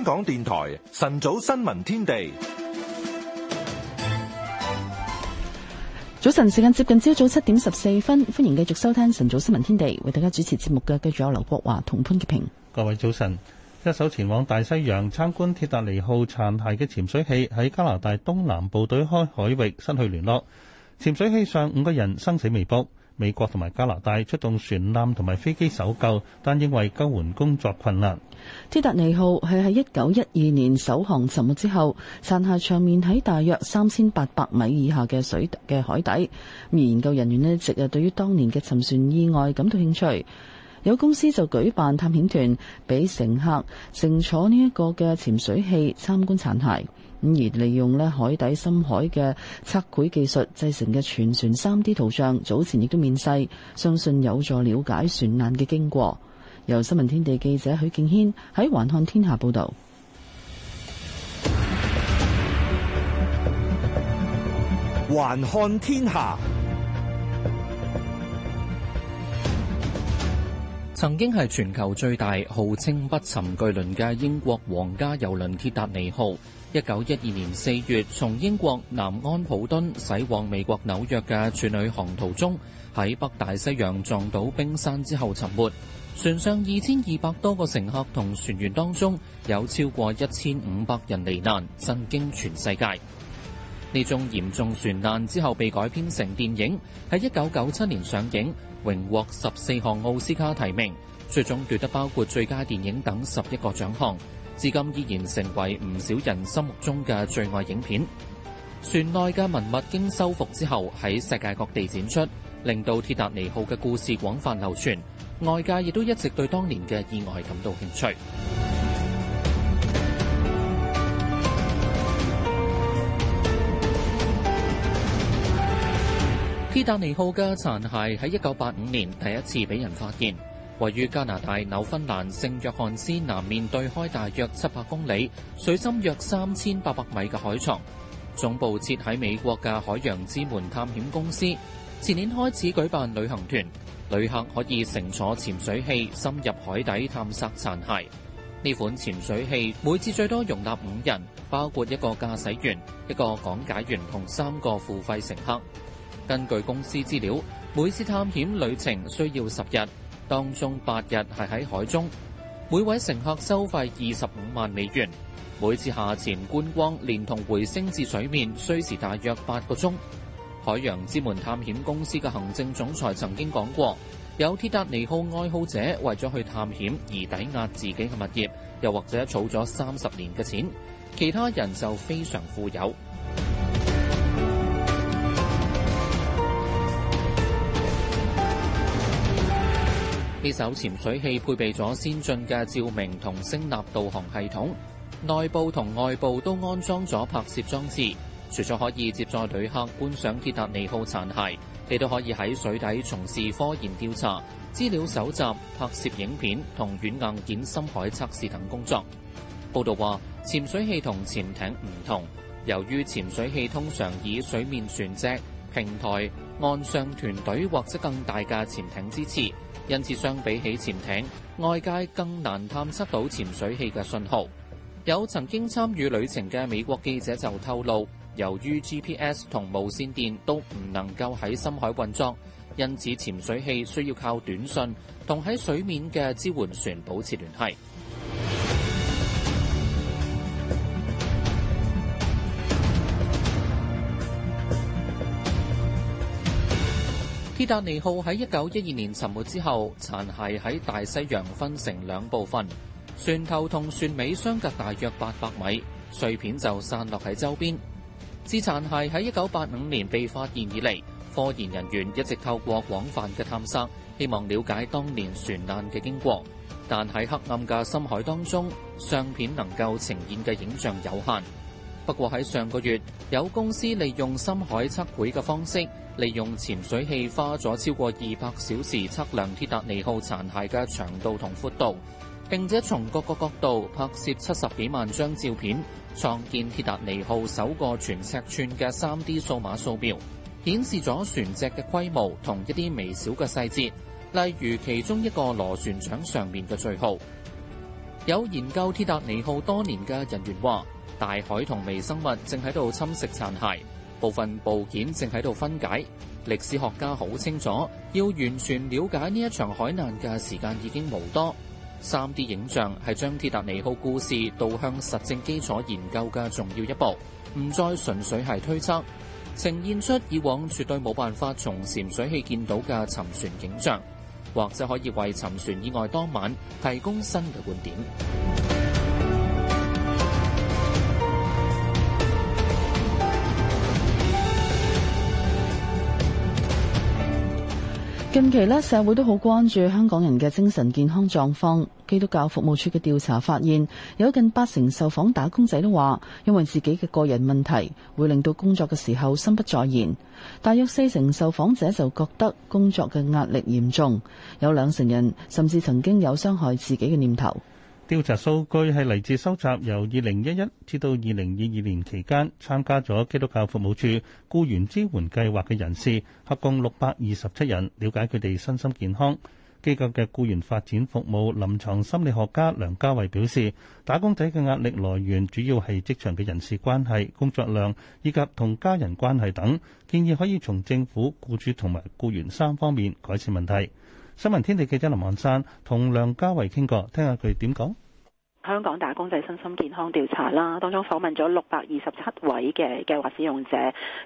香港電台晨早新聞天地，早晨時間接近朝早七點十四分，歡迎繼續收聽晨早新聞天地，為大家主持節目嘅繼續有劉國華同潘潔平。各位早晨，一艘前往大西洋參觀鐵達尼號殘骸嘅潛水器喺加拿大東南部對開海域失去聯絡，潛水器上五個人生死未卜。美國同埋加拿大出動船艦同埋飛機搜救，但認為救援工作困難。鐵達尼號係喺一九一二年首航沉沒之後，殘骸長面喺大約三千八百米以下嘅水嘅海底。研究人員呢，一直對於當年嘅沉船意外感到興趣。有公司就舉辦探險團，俾乘客乘坐呢一個嘅潛水器參觀殘骸。咁而利用咧海底深海嘅測繪技術製成嘅全船三 D 圖像，早前亦都面世，相信有助了解船難嘅經過。由新聞天地記者許敬軒喺環看天下報道。環看天下。曾經係全球最大、號稱不沉巨輪嘅英國皇家郵輪鐵達尼號，一九一二年四月從英國南安普敦駛往美國紐約嘅處女航途中，喺北大西洋撞到冰山之後沉沒，船上二千二百多個乘客同船員當中，有超過一千五百人罹難，震驚全世界。呢宗嚴重船難之後被改編成電影，喺一九九七年上映。榮獲十四項奧斯卡提名，最終奪得包括最佳電影等十一個獎項，至今依然成為唔少人心目中嘅最愛影片。船內嘅文物經修復之後喺世界各地展出，令到鐵達尼號嘅故事廣泛流傳，外界亦都一直對當年嘅意外感到興趣。鐵達尼號嘅殘骸喺一九八五年第一次俾人發現，位於加拿大紐芬蘭聖約翰斯南面對開，大約七百公里，水深約三千八百米嘅海床。總部設喺美國嘅海洋之門探險公司，前年開始舉辦旅行團，旅客可以乘坐潛水器深入海底探索殘骸。呢款潛水器每次最多容納五人，包括一個駕駛員、一個講解員同三個付費乘客。根據公司資料，每次探險旅程需要十日，當中八日係喺海中。每位乘客收費二十五萬美元。每次下潛觀光，連同回升至水面，需時大約八個鐘。海洋之門探險公司嘅行政總裁曾經講過，有鐵達尼號愛好者為咗去探險而抵押自己嘅物業，又或者儲咗三十年嘅錢，其他人就非常富有。呢艘潛水器配備咗先進嘅照明同聲納導航系統，內部同外部都安裝咗拍攝裝置。除咗可以接載旅客觀賞鐵達尼號殘骸，亦都可以喺水底從事科研調查、資料搜集、拍攝影片同軟硬件深海測試等工作。報道話，潛水器同潛艇唔同，由於潛水器通常以水面船隻、平台、岸上團隊或者更大嘅潛艇支持。因此，相比起潛艇，外界更難探測到潛水器嘅信號。有曾經參與旅程嘅美國記者就透露，由於 GPS 同無綫電都唔能夠喺深海運作，因此潛水器需要靠短信同喺水面嘅支援船保持聯繫。伊達尼號喺一九一二年沉沒之後，殘骸喺大西洋分成兩部分，船頭同船尾相隔大約八百米，碎片就散落喺周邊。自殘骸喺一九八五年被發現以嚟，科研人員一直透過廣泛嘅探索，希望了解當年船難嘅經過。但喺黑暗嘅深海當中，相片能夠呈現嘅影像有限。不過喺上個月，有公司利用深海測繪嘅方式。利用潛水器花咗超過二百小時測量鐵達尼號殘骸嘅長度同闊度，並且從各個角度拍攝七十幾萬張照片，創建鐵達尼號首個全尺寸嘅三 D 數碼掃描，顯示咗船隻嘅規模同一啲微小嘅細節，例如其中一個螺旋槳上面嘅序號。有研究鐵達尼號多年嘅人員話，大海同微生物正喺度侵蝕殘骸。部分部件正喺度分解，歷史學家好清楚，要完全了解呢一場海難嘅時間已經無多。三 D 影像係將鐵達尼號故事導向實證基礎研究嘅重要一步，唔再純粹係推測，呈現出以往絕對冇辦法從潛水器見到嘅沉船景象，或者可以為沉船意外當晚提供新嘅觀點。近期咧，社會都好關注香港人嘅精神健康狀況。基督教服務處嘅調查發現，有近八成受訪打工仔都話，因為自己嘅個人問題，會令到工作嘅時候心不在焉。大約四成受訪者就覺得工作嘅壓力嚴重，有兩成人甚至曾經有傷害自己嘅念頭。調查數據係嚟自收集由2011至到2022年期間參加咗基督教服務處僱員支援計劃嘅人士，合共627人，了解佢哋身心健康。機構嘅僱員發展服務臨床心理學家梁家慧表示，打工仔嘅壓力來源主要係職場嘅人事關係、工作量以及同家人關係等，建議可以從政府、僱主同埋僱員三方面改善問題。新聞天地記者林漢山同梁家偉傾過，聽下佢點講。香港打工仔身心健康調查啦，當中訪問咗六百二十七位嘅計劃使用者。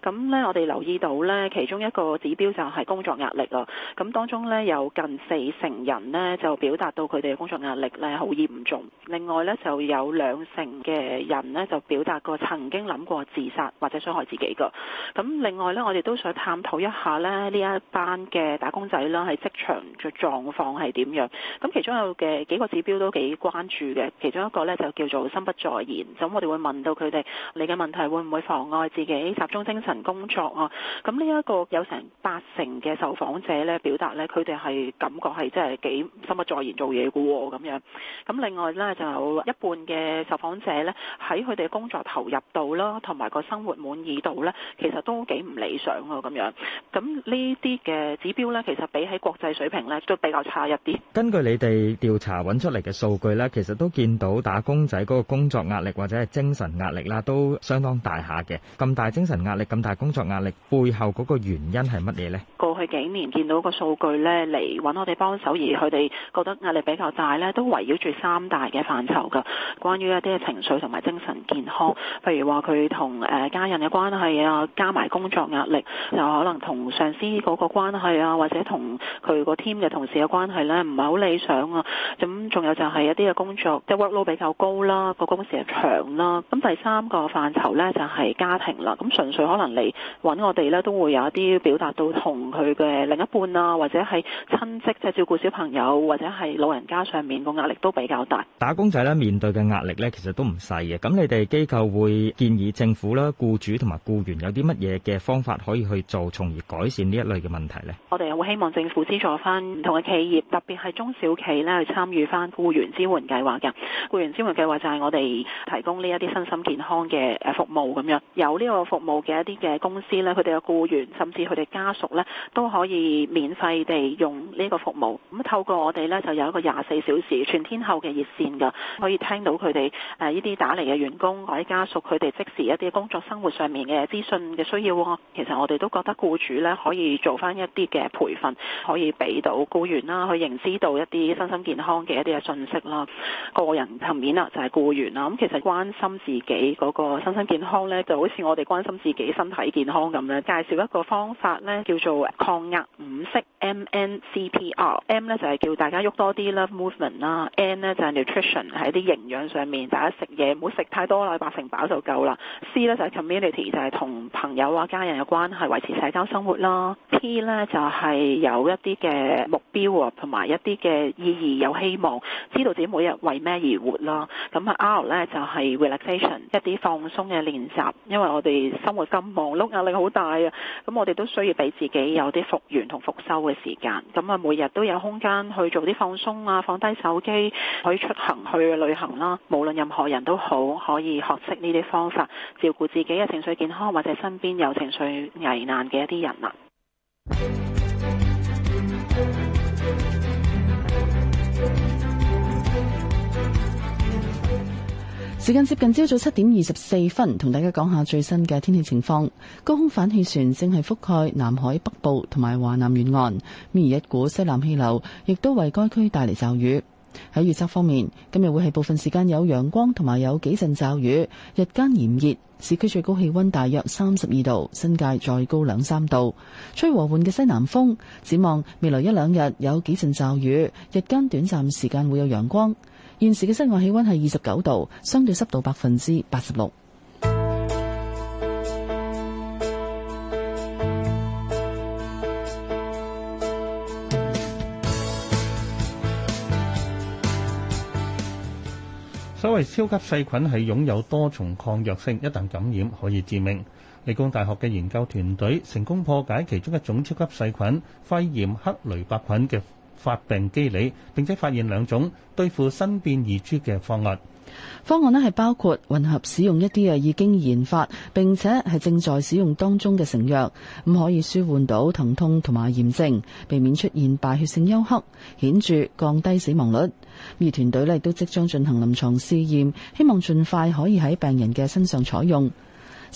咁呢，我哋留意到呢，其中一個指標就係工作壓力啊。咁當中呢，有近四成人呢就表達到佢哋嘅工作壓力呢好嚴重。另外呢，就有兩成嘅人呢就表達過曾經諗過自殺或者傷害自己㗎。咁另外呢，我哋都想探討一下呢，呢一班嘅打工仔啦，喺職場嘅狀況係點樣？咁其中有嘅幾個指標都幾關注嘅。其中一個咧就叫做心不在焉，咁我哋會問到佢哋你嘅問題會唔會妨礙自己集中精神工作啊？咁呢一個有成八成嘅受訪者咧，表達咧佢哋係感覺係即係幾心不在焉做嘢嘅喎，咁樣。咁另外咧就有一半嘅受訪者咧喺佢哋工作投入度啦，同埋個生活滿意度咧，其實都幾唔理想啊，咁樣。咁呢啲嘅指標咧，其實比起國際水平咧都比較差一啲。根據你哋調查揾出嚟嘅數據咧，其實都見到打工仔嗰個工作壓力或者係精神壓力啦，都相當大下嘅。咁大精神壓力，咁大工作壓力背後嗰個原因係乜嘢咧？過去幾年見到個數據咧，嚟揾我哋幫手而佢哋覺得壓力比較大咧，都圍繞住三大嘅範疇噶。關於一啲嘅情緒同埋精神健康，譬如話佢同誒家人嘅關係啊，加埋工作壓力就可能同上司嗰個關係啊，或者同佢個 team 嘅同事嘅關係咧，唔係好理想啊。咁仲有就係一啲嘅工作路比較高啦，個工時又長啦。咁第三個範疇呢，就係家庭啦。咁純粹可能嚟揾我哋呢，都會有一啲表達到同佢嘅另一半啊，或者係親戚即係、就是、照顧小朋友或者係老人家上面個壓力都比較大。打工仔呢，面對嘅壓力呢，其實都唔細嘅。咁你哋機構會建議政府啦，僱主同埋僱員有啲乜嘢嘅方法可以去做，從而改善呢一類嘅問題呢？我哋又會希望政府支助翻唔同嘅企業，特別係中小企呢，去參與翻僱員支援計劃嘅。僱員支援計劃就係我哋提供呢一啲身心健康嘅誒服務咁樣，有呢個服務嘅一啲嘅公司咧，佢哋嘅僱員甚至佢哋家屬咧都可以免費地用呢個服務。咁透過我哋咧就有一個廿四小時全天候嘅熱線噶，可以聽到佢哋誒呢啲打嚟嘅員工或者家屬佢哋即時一啲工作生活上面嘅資訊嘅需要。其實我哋都覺得僱主咧可以做翻一啲嘅培訓，可以俾到僱員啦去認知到一啲身心健康嘅一啲嘅信息啦，個人層面啦，就係雇員啦。咁其實關心自己嗰個身心健康咧，就好似我哋關心自己身體健康咁咧。介紹一個方法咧，叫做抗壓五式 M N C P R。M 咧就係叫大家喐多啲啦，movement 啦。N 咧就係 nutrition，喺啲營養上面，大家食嘢唔好食太多啦，八成飽就夠啦。C 咧就係 community，就係同朋友啊、家人嘅關係，維持社交生活啦。P 咧就係有一啲嘅目標喎，同埋一啲嘅意義有希望，知道自己每日為咩而活啦，咁啊 R 咧就係 relaxation，一啲放鬆嘅練習。因為我哋生活咁忙碌，壓力好大啊，咁我哋都需要俾自己有啲復原同復修嘅時間。咁啊，每日都有空間去做啲放鬆啊，放低手機，可以出行去旅行啦。無論任何人都好，可以學識呢啲方法照顧自己嘅情緒健康，或者身邊有情緒危難嘅一啲人啦。時間接近朝早七點二十四分，同大家講下最新嘅天氣情況。高空反氣旋正係覆蓋南海北部同埋華南沿岸面，而一股西南氣流亦都為該區帶嚟驟雨。喺預測方面，今日會係部分時間有陽光同埋有幾陣驟雨，日間炎熱，市區最高氣温大約三十二度，新界再高兩三度，吹和緩嘅西南風。展望未來一兩日有幾陣驟雨，日間短暫時間會有陽光。現時嘅室外氣溫係二十九度，相對濕度百分之八十六。所謂超級細菌係擁有多重抗藥性，一旦感染可以致命。理工大學嘅研究團隊成功破解其中一種超級細菌肺炎克雷伯菌嘅發病機理，並且發現兩種對付新變異株嘅方案。方案咧係包括混合使用一啲嘅已經研發並且係正在使用當中嘅成藥，咁可以舒緩到疼痛同埋炎症，避免出現敗血性休克，顯著降低死亡率。而團隊咧亦都即將進行臨床試驗，希望盡快可以喺病人嘅身上採用。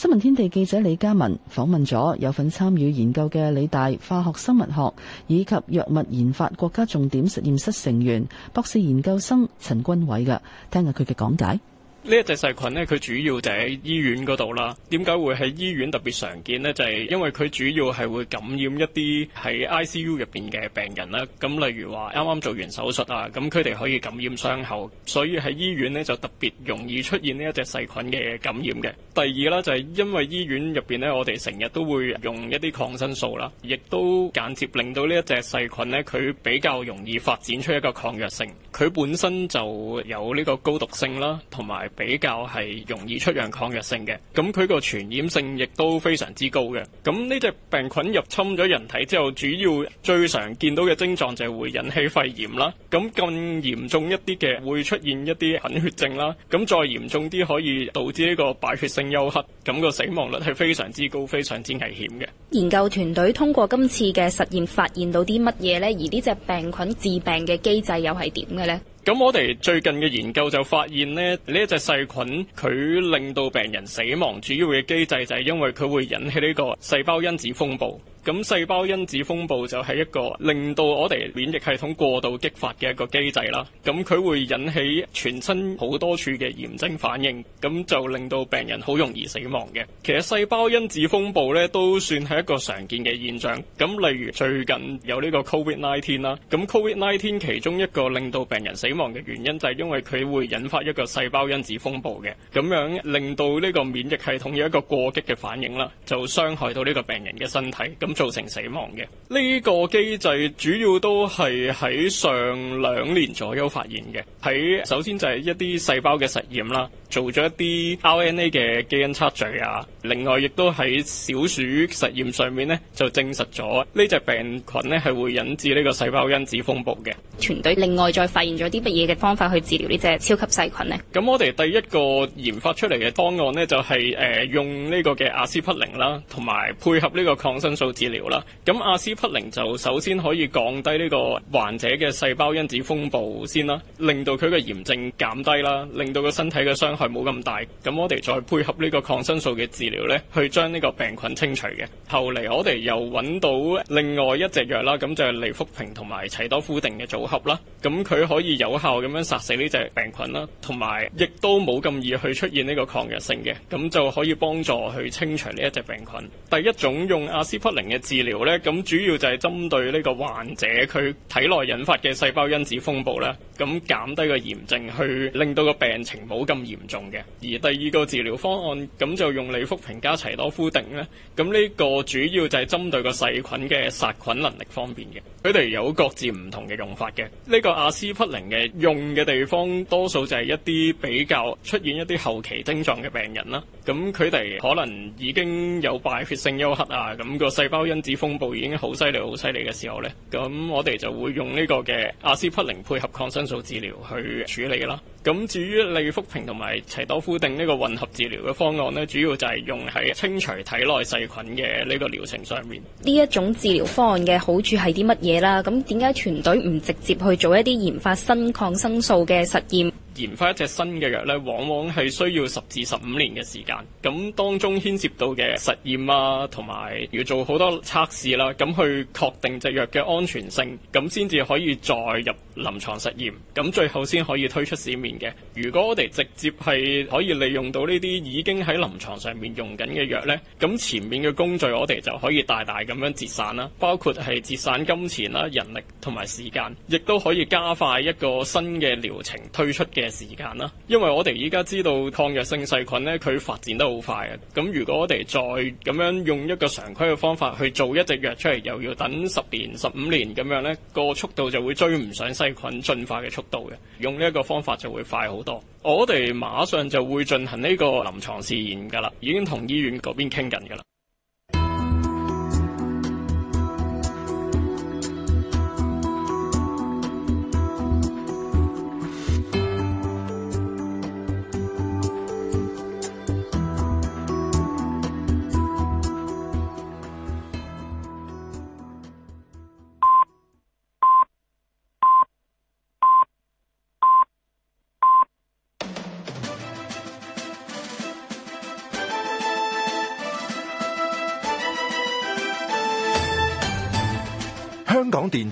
新聞天地記者李嘉文訪問咗有份參與研究嘅理大化學生物學以及藥物研發國家重點實驗室成員博士研究生陳君偉嘅，聽下佢嘅講解。這個、細呢一隻細菌咧，佢主要就喺醫院嗰度啦。點解會喺醫院特別常見呢？就係、是、因為佢主要係會感染一啲喺 ICU 入邊嘅病人啦。咁例如話啱啱做完手術啊，咁佢哋可以感染傷口，所以喺醫院咧就特別容易出現呢一隻細菌嘅感染嘅。第二啦，就係、是、因為醫院入邊咧，我哋成日都會用一啲抗生素啦，亦都間接令到細呢一隻細菌咧，佢比較容易發展出一個抗藥性。佢本身就有呢個高毒性啦，同埋。比較係容易出陽抗藥性嘅，咁佢個傳染性亦都非常之高嘅。咁呢隻病菌入侵咗人體之後，主要最常見到嘅症狀就係會引起肺炎啦。咁更嚴重一啲嘅會出現一啲貧血症啦。咁再嚴重啲可以導致呢個敗血性休克，咁、那個死亡率係非常之高、非常之危險嘅。研究團隊通過今次嘅實驗發現到啲乜嘢呢？而呢隻病菌致病嘅機制又係點嘅呢？咁我哋最近嘅研究就發現呢，呢呢一隻細菌佢令到病人死亡主要嘅機制就係因為佢會引起呢個細胞因子風暴。咁細胞因子風暴就係一個令到我哋免疫系統過度激發嘅一個機制啦。咁佢會引起全身好多處嘅炎症反應，咁就令到病人好容易死亡嘅。其實細胞因子風暴呢都算係一個常見嘅現象。咁例如最近有呢個 COVID-19 啦，咁 COVID-19 其中一個令到病人死亡嘅原因就係因為佢會引發一個細胞因子風暴嘅，咁樣令到呢個免疫系統有一個過激嘅反應啦，就傷害到呢個病人嘅身體。咁造成死亡嘅呢個機制主要都係喺上兩年左右發現嘅。喺首先就係一啲細胞嘅實驗啦，做咗一啲 RNA 嘅基因測序啊。另外亦都喺小鼠實驗上面咧，就證實咗呢隻病菌咧係會引致呢個細胞因子風暴嘅。團隊另外再發現咗啲乜嘢嘅方法去治療呢隻超級細菌咧？咁我哋第一個研發出嚟嘅方案咧，就係、是、誒、呃、用呢個嘅阿司匹林啦，同埋配合呢個抗生素。治療啦，咁阿司匹靈就首先可以降低呢個患者嘅細胞因子風暴先啦，令到佢嘅炎症減低啦，令到個身體嘅傷害冇咁大。咁我哋再配合呢個抗生素嘅治療呢，去將呢個病菌清除嘅。後嚟我哋又揾到另外一隻藥啦，咁就係利福平同埋齊多夫定嘅組合啦。咁佢可以有效咁樣殺死呢隻病菌啦，同埋亦都冇咁易去出現呢個抗藥性嘅，咁就可以幫助去清除呢一隻病菌。第一種用阿司匹靈。嘅治療呢，咁主要就係針對呢個患者佢體內引發嘅細胞因子風暴啦，咁減低個炎症，去令到個病情冇咁嚴重嘅。而第二個治療方案咁就用利福平加齊多夫定呢。咁呢個主要就係針對個細菌嘅殺菌能力方面嘅。佢哋有各自唔同嘅用法嘅。呢個阿司匹靈嘅用嘅地方，多數就係一啲比較出現一啲後期症狀嘅病人啦。咁佢哋可能已經有敗血性休克啊，咁個細胞因子風暴已經好犀利，好犀利嘅時候呢，咁我哋就會用呢個嘅阿司匹靈配合抗生素治療去處理啦。咁至於利福平同埋齊多夫定呢個混合治療嘅方案呢，主要就係用喺清除體內細菌嘅呢個療程上面。呢一種治療方案嘅好處係啲乜嘢啦？咁點解團隊唔直接去做一啲研發新抗生素嘅實驗？研發一隻新嘅藥呢，往往係需要十至十五年嘅時間。咁當中牽涉到嘅實驗啊，同埋要做好多測試啦，咁去確定隻藥嘅安全性，咁先至可以再入臨床實驗，咁最後先可以推出市面。嘅，如果我哋直接係可以利用到呢啲已經喺臨床上面用緊嘅藥呢，咁前面嘅工序我哋就可以大大咁樣節省啦，包括係節省金錢啦、人力同埋時間，亦都可以加快一個新嘅療程推出嘅時間啦。因為我哋依家知道抗藥性細菌呢，佢發展得好快呀，咁如果我哋再咁樣用一個常規嘅方法去做一隻藥出嚟，又要等十年十五年咁樣呢，個速度就會追唔上細菌進化嘅速度嘅，用呢一個方法就會快好多，我哋馬上就會進行呢個臨床試驗噶啦，已經同醫院嗰邊傾緊噶啦。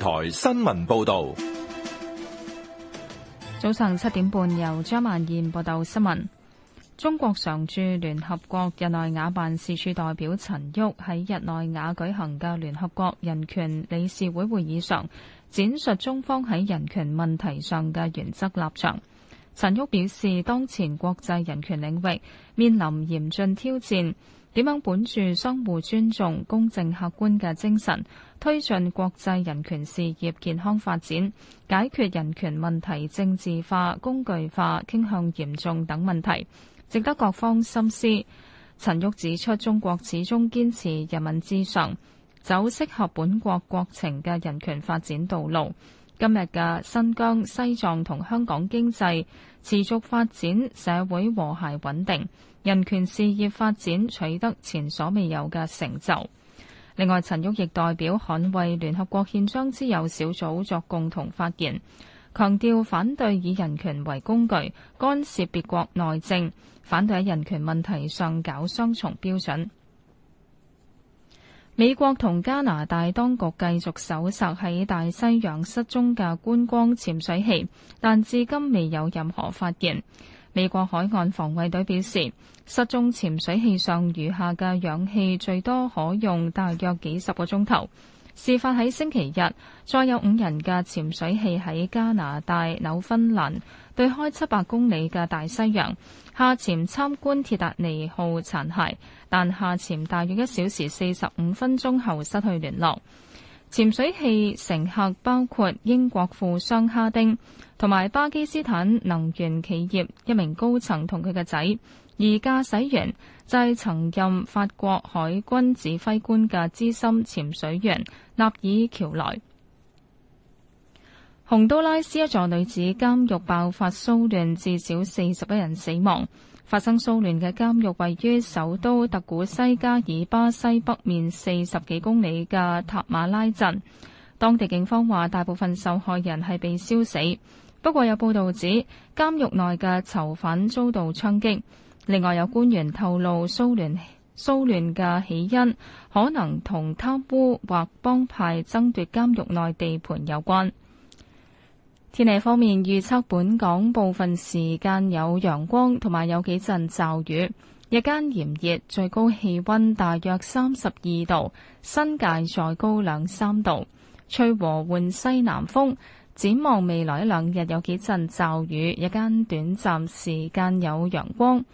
台新聞報道，早上七點半，由張曼燕報道新聞。中國常駐聯合國日內瓦辦事處代表陳旭喺日內瓦舉行嘅聯合國人權理事會會議上，展述中方喺人權問題上嘅原則立場。陳旭表示，當前國際人權領域面臨嚴峻挑戰，點樣本住相互尊重、公正客觀嘅精神，推進國際人權事業健康發展，解決人權問題政治化、工具化傾向嚴重等問題，值得各方深思。陳旭指出，中國始終堅持人民至上，走適合本國國情嘅人權發展道路。今日嘅新疆、西藏同香港經濟持續發展，社會和諧穩定，人權事業發展取得前所未有嘅成就。另外，陳旭亦代表捍衛聯合國憲章之友小組作共同發言，強調反對以人權為工具干涉別國內政，反對喺人權問題上搞雙重標準。美國同加拿大當局繼續搜查喺大西洋失蹤嘅觀光潛水器，但至今未有任何發現。美國海岸防衛隊表示，失蹤潛水器上餘下嘅氧氣最多可用大約幾十個鐘頭。事發喺星期日，再有五人嘅潛水器喺加拿大紐芬蘭對開七百公里嘅大西洋下潛參觀鐵達尼號殘骸，但下潛大約一小時四十五分鐘後失去聯絡。潛水器乘客包括英國富商哈丁同埋巴基斯坦能源企業一名高層同佢嘅仔。而駕駛員就係、是、曾任法國海軍指揮官嘅資深潛水員納爾喬萊。洪都拉斯一座女子監獄爆發騷亂，至少四十一人死亡。發生騷亂嘅監獄位於首都特古西加爾巴西北面四十幾公里嘅塔馬拉鎮。當地警方話，大部分受害人係被燒死，不過有報道指監獄內嘅囚犯遭到槍擊。另外有官員透露騷亂，騷亂嘅起因可能同貪污或幫派爭奪監獄內地盤有關。天氣方面預測，本港部分時間有陽光，同埋有幾陣驟雨，日間炎熱，最高氣温大約三十二度，新界再高兩三度。吹和緩西南風。展望未來一兩日有幾陣驟雨，日間短暫時間有陽光。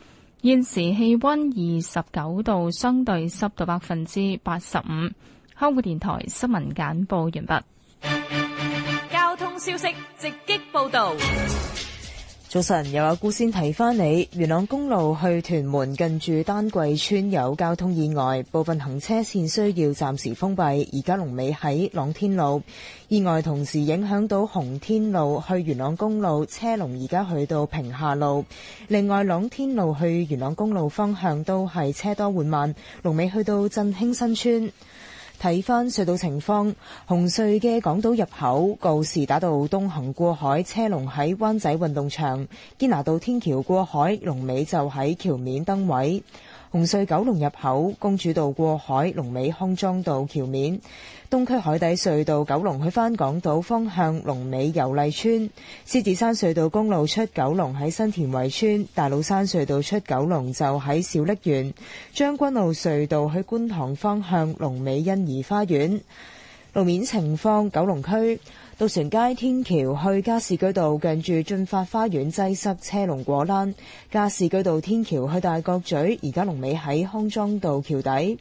現時氣溫二十九度，相對濕度百分之八十五。香港電台新聞簡報完畢。交通消息直擊報道。早晨，又有孤線睇翻你。元朗公路去屯門近住丹桂村有交通意外，部分行車線需要暫時封閉。而家龍尾喺朗天路，意外同時影響到洪天路去元朗公路，車龍而家去到屏廈路。另外，朗天路去元朗公路方向都係車多緩慢，龍尾去到振興新村。睇翻隧道情況，紅隧嘅港島入口告士打道東行過海車龍喺灣仔運動場，堅拿道天橋過海龍尾就喺橋面燈位。紅隧九龍入口，公主道過海，龍尾康莊道橋面；東區海底隧道九龍去翻港島方向，龍尾游麗村；獅子山隧道公路出九龍喺新田圍村，大老山隧道出九龍就喺小瀝園，將軍路隧道去觀塘方向，龍尾欣怡花園。路面情況，九龍區。渡船街天橋去加士居道，近住駿發花園擠塞車龍果欄；加士居道天橋去大角咀，而家龍尾喺康莊道橋底；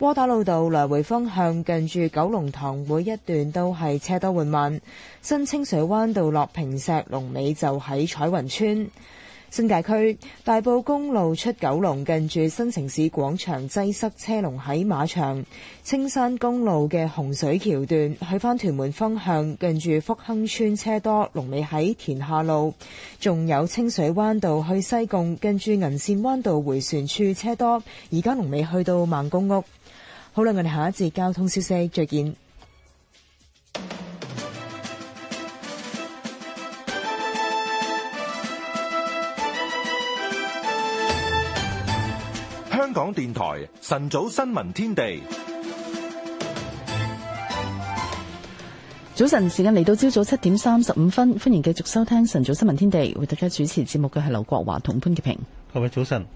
窩打老道來回方向近住九龍塘，每一段都係車多緩慢；新清水灣道落坪石，龍尾就喺彩雲村。新界區大埔公路出九龍，近住新城市廣場擠塞車龍喺馬場；青山公路嘅洪水橋段去翻屯門方向，近住福亨村車多，龍尾喺田下路；仲有清水灣道去西貢，近住銀線灣道回旋處車多，而家龍尾去到孟公屋。好啦，我哋下一節交通消息，再見。電台晨早新聞天地，早晨時間嚟到朝早七點三十五分，歡迎繼續收聽晨早新聞天地，為大家主持節目嘅係劉國華同潘潔平。各位早晨，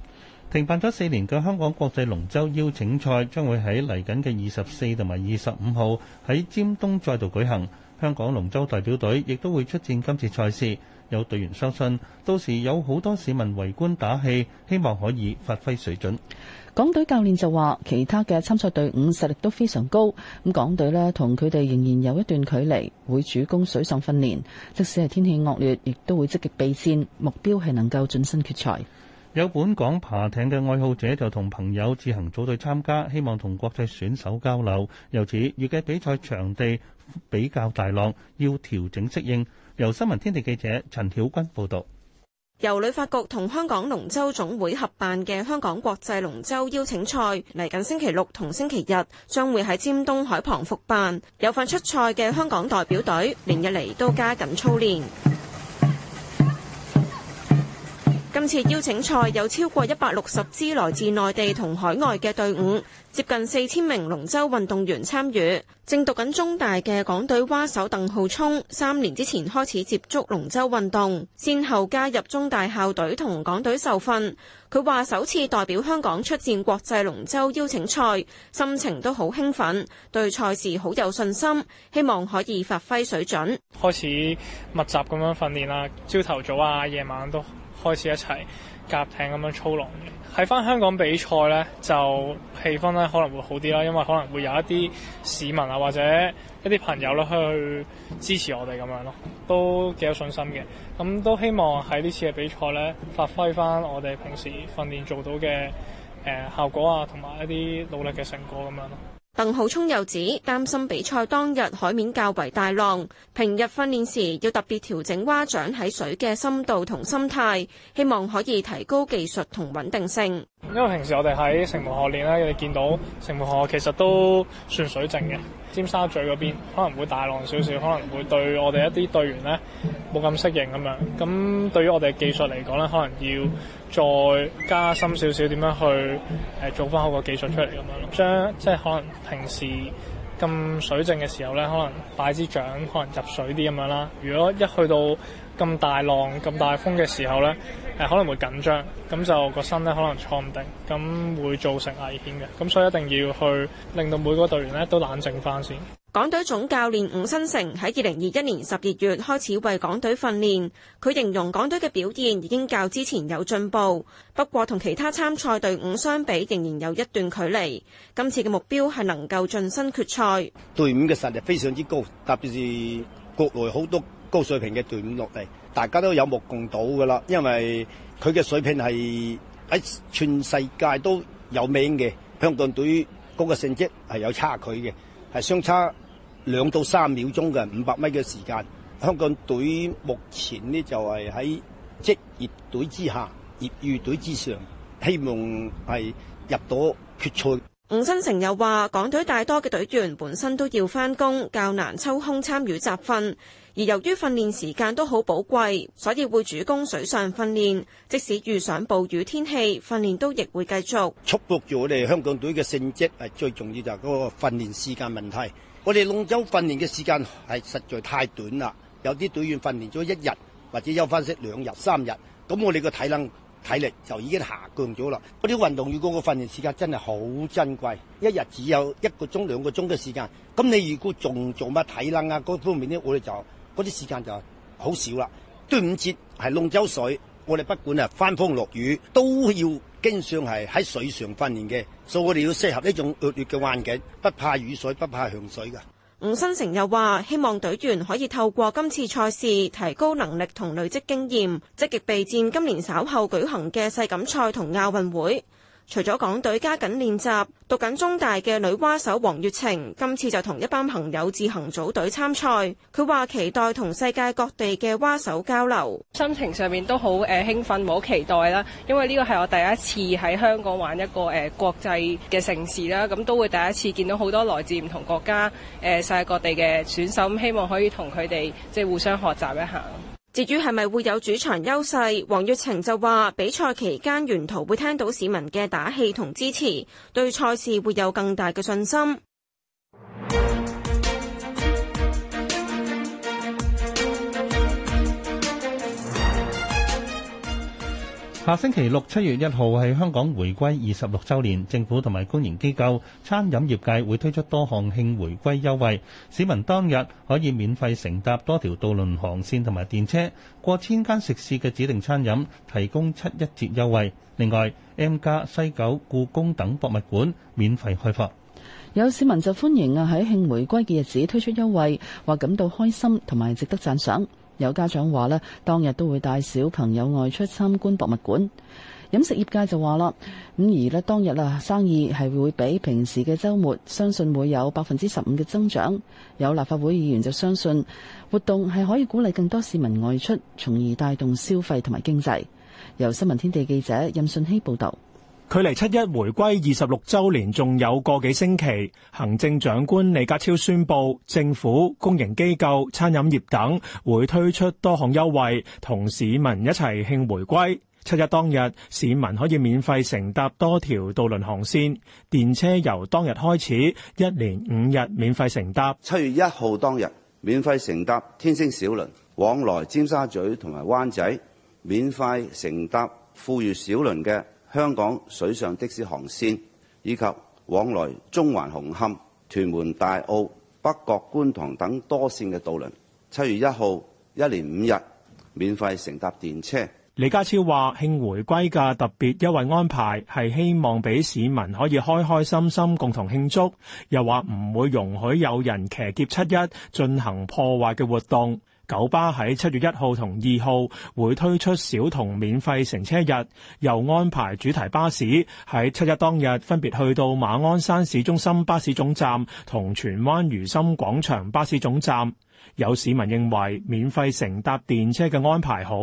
停辦咗四年嘅香港國際龍舟邀請賽將會喺嚟緊嘅二十四同埋二十五號喺尖東再度舉行。香港龍舟代表隊亦都會出戰今次賽事，有隊員相信到時有好多市民圍觀打氣，希望可以發揮水準。港隊教練就話，其他嘅參賽隊伍實力都非常高，咁港隊咧同佢哋仍然有一段距離，會主攻水上訓練，即使係天氣惡劣，亦都會積極備戰，目標係能夠晉身決賽。有本港爬艇嘅愛好者就同朋友自行組隊參加，希望同國際選手交流。又指預計比賽場地比較大浪，要調整適應。由新聞天地記者陳曉君報道。由旅發局同香港龍舟總會合辦嘅香港國際龍舟邀請賽，嚟緊星期六同星期日將會喺尖東海旁復辦。有份出賽嘅香港代表隊，連日嚟，都加緊操練。今次邀請賽有超過一百六十支來自內地同海外嘅隊伍。接近四千名龍舟運動員參與，正讀緊中大嘅港隊蛙手鄧浩聰，三年之前開始接觸龍舟運動，先後加入中大校隊同港隊受訓。佢話首次代表香港出戰國際龍舟邀請賽，心情都好興奮，對賽事好有信心，希望可以發揮水準。開始密集咁樣訓練啦，朝頭早啊，夜晚都開始一齊夾艇咁樣操龍嘅。喺翻香港比賽呢，就氣氛咧可能會好啲啦，因為可能會有一啲市民啊，或者一啲朋友去支持我哋咁樣咯，都幾有信心嘅。咁都希望喺呢次嘅比賽呢，發揮翻我哋平時訓練做到嘅、呃、效果啊，同埋一啲努力嘅成果咁樣咯。鄧浩聰又指，擔心比賽當日海面較為大浪，平日訓練時要特別調整蛙掌喺水嘅深度同心態，希望可以提高技術同穩定性。因為平時我哋喺城門河練啦，你見到城門河其實都算水靜嘅。尖沙咀嗰邊可能會大浪少少，可能會對我哋一啲隊員呢冇咁適應咁樣。咁對於我哋技術嚟講呢，可能要再加深少少，點樣去誒做翻好個技術出嚟咁樣咯。將即係可能平時咁水靜嘅時候呢，可能擺支槳可能入水啲咁樣啦。如果一去到，咁大浪、咁大風嘅時候呢，誒可能會緊張，咁就個身呢可能錯唔定，咁會造成危險嘅，咁所以一定要去令到每個隊員呢都冷靜翻先。港隊總教練伍新成喺二零二一年十二月開始為港隊訓練，佢形容港隊嘅表現已經較之前有進步，不過同其他參賽隊伍相比，仍然有一段距離。今次嘅目標係能夠晉身決賽。隊伍嘅實力非常之高，特別是國內好多。高水平嘅隊伍落嚟，大家都有目共睹噶啦。因為佢嘅水平係喺全世界都有名嘅，香港隊嗰個成績係有差距嘅，係相差兩到三秒鐘嘅五百米嘅時間。香港隊目前咧就係喺職業隊之下，業餘隊之上，希望係入到決賽。吳新成又話，港隊大多嘅隊員本身都要翻工，較難抽空參與集訓。而由於訓練時間都好寶貴，所以會主攻水上訓練。即使遇上暴雨天氣，訓練都亦會繼續束縛住我哋香港隊嘅性質。係，最重要就係嗰個訓練時間問題。我哋龍舟訓練嘅時間係實在太短啦。有啲隊員訓練咗一日或者休翻息兩日三日，咁我哋嘅體能體力就已經下降咗啦。嗰啲運動員嗰個訓練時間真係好珍貴，一日只有一個鐘兩個鐘嘅時間，咁你如果仲做乜體能啊嗰方面呢，我哋就。嗰啲時間就好少啦。端午節係龍舟水，我哋不管啊翻風落雨，都要經常係喺水上訓練嘅，所以我哋要適合呢種惡劣嘅環境，不怕雨水，不怕洪水噶。吳新成又話：希望隊員可以透過今次賽事提高能力同累積經驗，積極備戰今年稍後舉行嘅世錦賽同亞運會。除咗港隊加緊練習，讀緊中大嘅女蛙手黃月晴，今次就同一班朋友自行組隊參賽。佢話期待同世界各地嘅蛙手交流，心情上面都好誒興奮，好期待啦。因為呢個係我第一次喺香港玩一個誒國際嘅城市啦，咁都會第一次見到好多來自唔同國家誒世界各地嘅選手，希望可以同佢哋即係互相學習一下。至於係咪會有主場優勢，黃月晴就話：比賽期間沿途會聽到市民嘅打氣同支持，對賽事會有更大嘅信心。下星期六七月一號係香港回歸二十六周年，政府同埋公營機構、餐飲業界會推出多項慶回歸優惠，市民當日可以免費乘搭多條渡輪航線同埋電車，過千間食肆嘅指定餐飲提供七一折優惠。另外，M 加西九故宮等博物館免費開放。有市民就歡迎啊喺慶回歸嘅日子推出優惠，話感到開心同埋值得讚賞。有家長話咧，當日都會帶小朋友外出參觀博物館。飲食業界就話啦，咁而咧當日啊生意係會比平時嘅週末，相信會有百分之十五嘅增長。有立法會議員就相信活動係可以鼓勵更多市民外出，從而帶動消費同埋經濟。由新聞天地記者任信希報導。距離七一回歸二十六周年仲有個幾星期，行政長官李家超宣布，政府、公營機構、餐飲業等會推出多項優惠，同市民一齊慶回歸。七一當日，市民可以免費乘搭多條渡輪航線，電車由當日開始，一年五日免費乘搭。七月一號當日，免費乘搭天星小輪往來尖沙咀同埋灣仔，免費乘搭富裕小輪嘅。香港水上的士航線，以及往來中環紅磡、屯門大澳、北角觀塘等多線嘅渡輪，七月一號一連五日免費乘搭電車。李家超話：慶回歸嘅特別優惠安排係希望俾市民可以開開心心共同慶祝，又話唔會容許有人騎劫七一進行破壞嘅活動。九巴喺七月一號同二號會推出小童免費乘車日，又安排主題巴士喺七一當日分別去到馬鞍山市中心巴士總站同荃灣如心廣場巴士總站。有市民認為免費乘搭電車嘅安排好，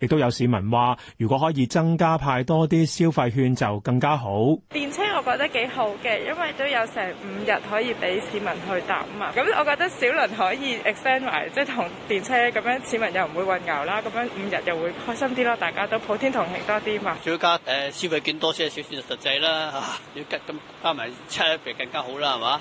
亦都有市民話：如果可以增加派多啲消費券就更加好。電車我覺得幾好嘅，因為都有成五日可以俾市民去搭嘛。咁我覺得小輪可以 extend 埋，即係同電車咁樣市民又唔會混淆啦。咁樣五日又會開心啲咯，大家都普天同慶多啲嘛。再加消費券多些少就實際啦要、啊、加咁加埋車飛更加好啦係嘛？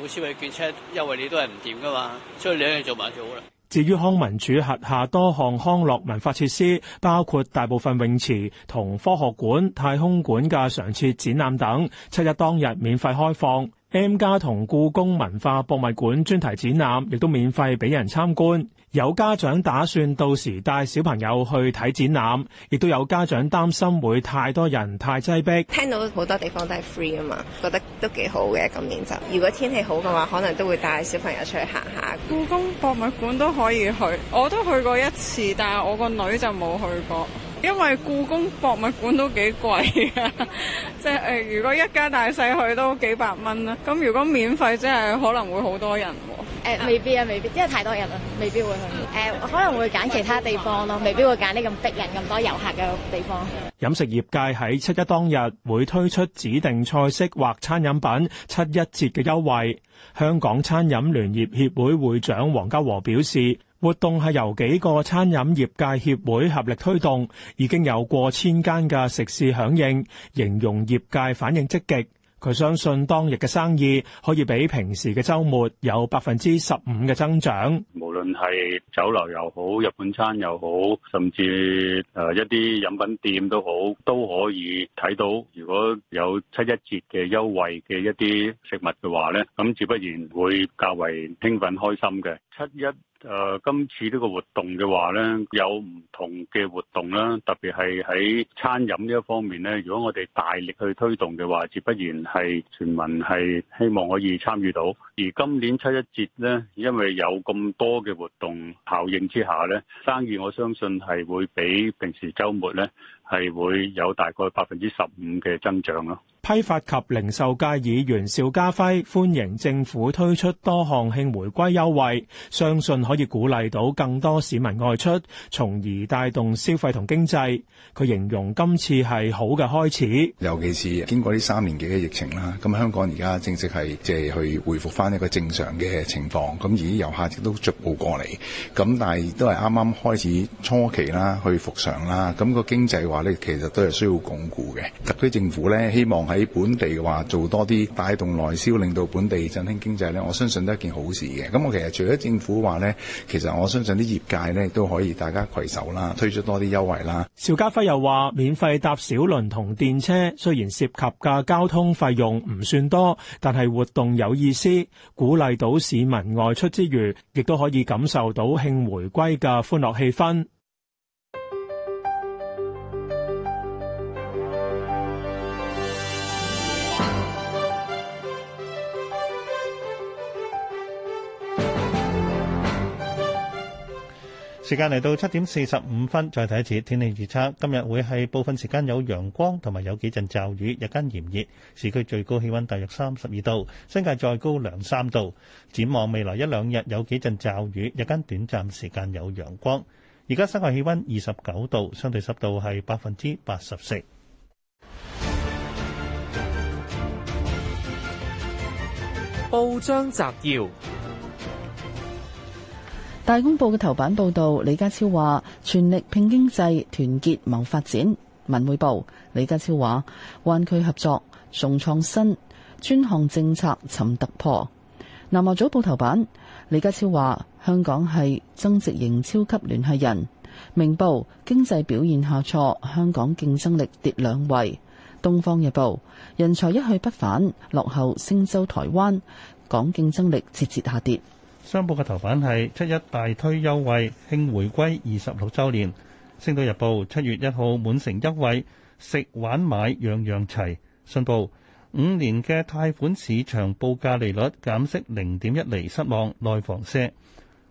每次位券車優惠你都係唔掂噶嘛，所以你一做埋就好啦。至於康文署轄下多項康樂文化設施，包括大部分泳池同科學館、太空館嘅常設展覽等，七一當日免費開放。M 家同故宮文化博物館專題展覽亦都免費俾人參觀，有家長打算到時帶小朋友去睇展覽，亦都有家長擔心會太多人太擠逼。聽到好多地方都係 free 啊嘛，覺得都幾好嘅。今年就如果天氣好嘅話，可能都會帶小朋友出去行下。故宮博物館都可以去，我都去過一次，但係我個女就冇去過。因為故宮博物館都幾貴，即係如果一家大細去都幾百蚊啦。咁如果免費，即係可能會好多人喎、呃。未必啊，未必，因為太多人啦，未必會去。呃、可能會揀其他地方咯，未必會揀啲咁逼人、咁多遊客嘅地方。飲食業界喺七一當日會推出指定菜式或餐飲品七一節嘅優惠。香港餐飲聯業協會會長黃家和表示。活動係由幾個餐飲業界協會合力推動，已經有過千間嘅食肆響應，形容業界反應積極。佢相信當日嘅生意可以比平時嘅周末有百分之十五嘅增長。無論係酒樓又好，日本餐又好，甚至誒一啲飲品店都好，都可以睇到，如果有七一節嘅優惠嘅一啲食物嘅話呢，咁自不然會較為興奮開心嘅。七一。誒、呃，今次呢個活動嘅話呢，有唔同嘅活動啦，特別係喺餐飲呢一方面呢，如果我哋大力去推動嘅話，自不然係全民係希望可以參與到。而今年七一節呢，因為有咁多嘅活動效應之下呢，生意我相信係會比平時週末呢，係會有大概百分之十五嘅增長咯。批發及零售界議員邵家輝歡迎政府推出多項慶回歸優惠，相信可以鼓勵到更多市民外出，從而帶動消費同經濟。佢形容今次係好嘅開始，尤其是經過呢三年幾嘅疫情啦，咁香港而家正式係即係去回復翻一個正常嘅情況，咁而啲遊客亦都逐步過嚟，咁但係都係啱啱開始初期啦，去復常啦，咁個經濟話咧，其實都係需要鞏固嘅。特區政府咧希望。喺本地嘅話做多啲帶動內銷令到本地振興經濟咧，我相信都係一件好事嘅。咁我其實除咗政府話咧，其實我相信啲業界咧都可以大家攜手啦，推出多啲優惠啦。邵家輝又話免費搭小輪同電車，雖然涉及嘅交通費用唔算多，但係活動有意思，鼓勵到市民外出之餘亦都可以感受到慶回歸嘅歡樂氣氛。時間嚟到七點四十五分，再睇一次天氣預測。今日會係部分時間有陽光，同埋有幾陣驟雨。日間炎熱，市區最高氣溫大約三十二度，新界再高兩三度。展望未來一兩日有幾陣驟雨，日間短暫時間有陽光。而家室外氣溫二十九度，相對濕度係百分之八十四。報章摘要。大公報嘅頭版報道，李家超話全力拼經濟，團結謀發展。文匯報，李家超話灣區合作重創新，專項政策尋突破。南華早報頭版，李家超話香港係增值型超級聯繫人。明報經濟表現下挫，香港競爭力跌兩位。東方日報人才一去不返，落後星洲台灣，港競爭力節節下跌。商報嘅頭版係七一大推優惠慶回歸二十六周年。星島日報，七月一號滿城優惠，食玩買樣樣齊。信報五年嘅貸款市場報價利率減息零點一厘，失望內房社。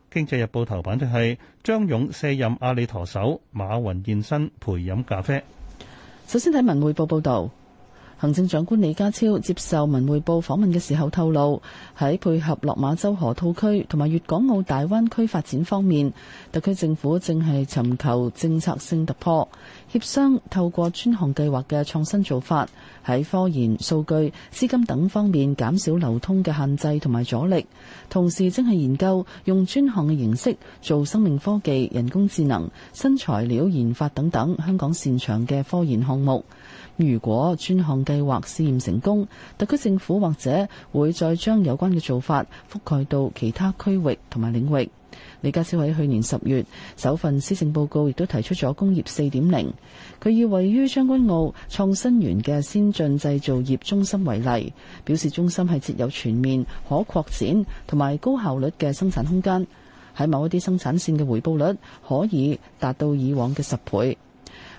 經濟日報頭版就係張勇卸任阿里舵手，馬雲現身陪飲咖啡。首先睇文匯報報道。行政長官李家超接受文匯報訪問嘅時候透露，喺配合落馬洲河套區同埋粵港澳大灣區發展方面，特區政府正係尋求政策性突破，協商透過專項計劃嘅創新做法，喺科研、數據、資金等方面減少流通嘅限制同埋阻力，同時正係研究用專項嘅形式做生命科技、人工智能、新材料研發等等香港擅長嘅科研項目。如果專項計劃試驗成功，特區政府或者會再將有關嘅做法覆蓋到其他區域同埋領域。李家超喺去年十月首份施政報告亦都提出咗工業4.0，佢以位於將軍澳創新園嘅先進製造業中心為例，表示中心係設有全面、可擴展同埋高效率嘅生產空間，喺某一啲生產線嘅回報率可以達到以往嘅十倍。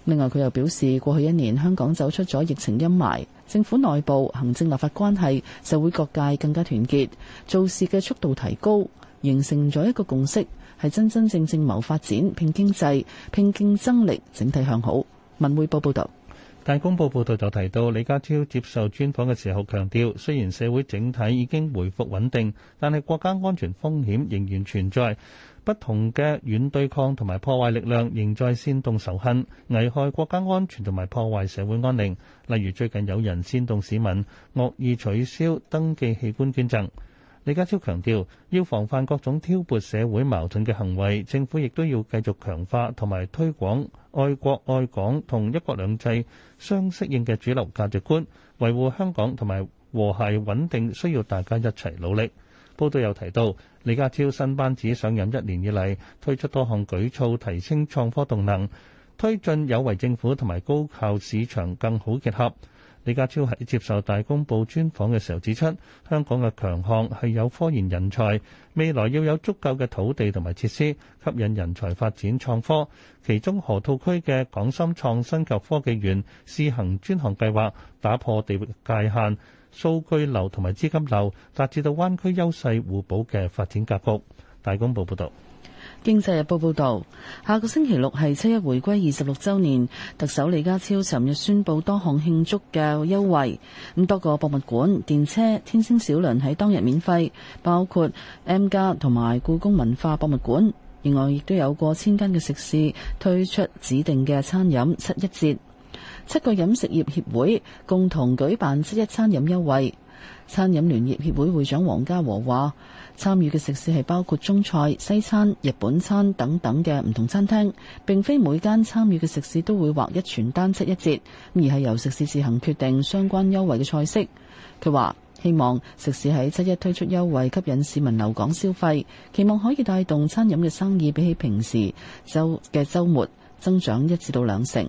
另外，佢又表示，過去一年香港走出咗疫情陰霾，政府內部、行政立法關係、社會各界更加團結，做事嘅速度提高，形成咗一個共識，係真真正正謀發展、拼經濟、拼競爭力，整體向好。文匯報報道。大公報報道就提到，李家超接受專訪嘅時候強調，雖然社會整體已經回復穩定，但係國家安全風險仍然存在。不同嘅軟對抗同埋破壞力量仍在煽動仇恨、危害國家安全同埋破壞社會安寧，例如最近有人煽動市民惡意取消登記器官捐贈，李家超強調，要防範各種挑撥社會矛盾嘅行為，政府亦都要繼續強化同埋推廣愛國愛港同一國兩制相適應嘅主流價值觀，維護香港同埋和諧穩定，需要大家一齊努力。報道有提到，李家超新班子上任一年以嚟，推出多項舉措提升創科動能，推進有為政府同埋高效市場更好結合。李家超喺接受大公報專訪嘅時候指出，香港嘅強項係有科研人才，未來要有足夠嘅土地同埋設施吸引人才發展創科。其中，河套區嘅港深創新及科技園，試行專項計劃，打破地域界限。數據流同埋資金流，達至到灣區優勢互補嘅發展格局。大公報報道，《經濟日報》報道，下個星期六係七一回歸二十六週年，特首李家超尋日宣布多項慶祝嘅優惠。咁多個博物館、電車、天星小輪喺當日免費，包括 M+ 同埋故宮文化博物館。另外，亦都有過千間嘅食肆推出指定嘅餐飲七一折。七個飲食業協會共同舉辦七一餐飲優惠。餐飲聯業協會會長黃家和話，參與嘅食肆係包括中菜、西餐、日本餐等等嘅唔同餐廳，並非每間參與嘅食肆都會劃一全單七一折，而係由食肆自行決定相關優惠嘅菜式。佢話，希望食肆喺七一推出優惠，吸引市民留港消費，期望可以帶動餐飲嘅生意比起平時周嘅周末增長一至到兩成。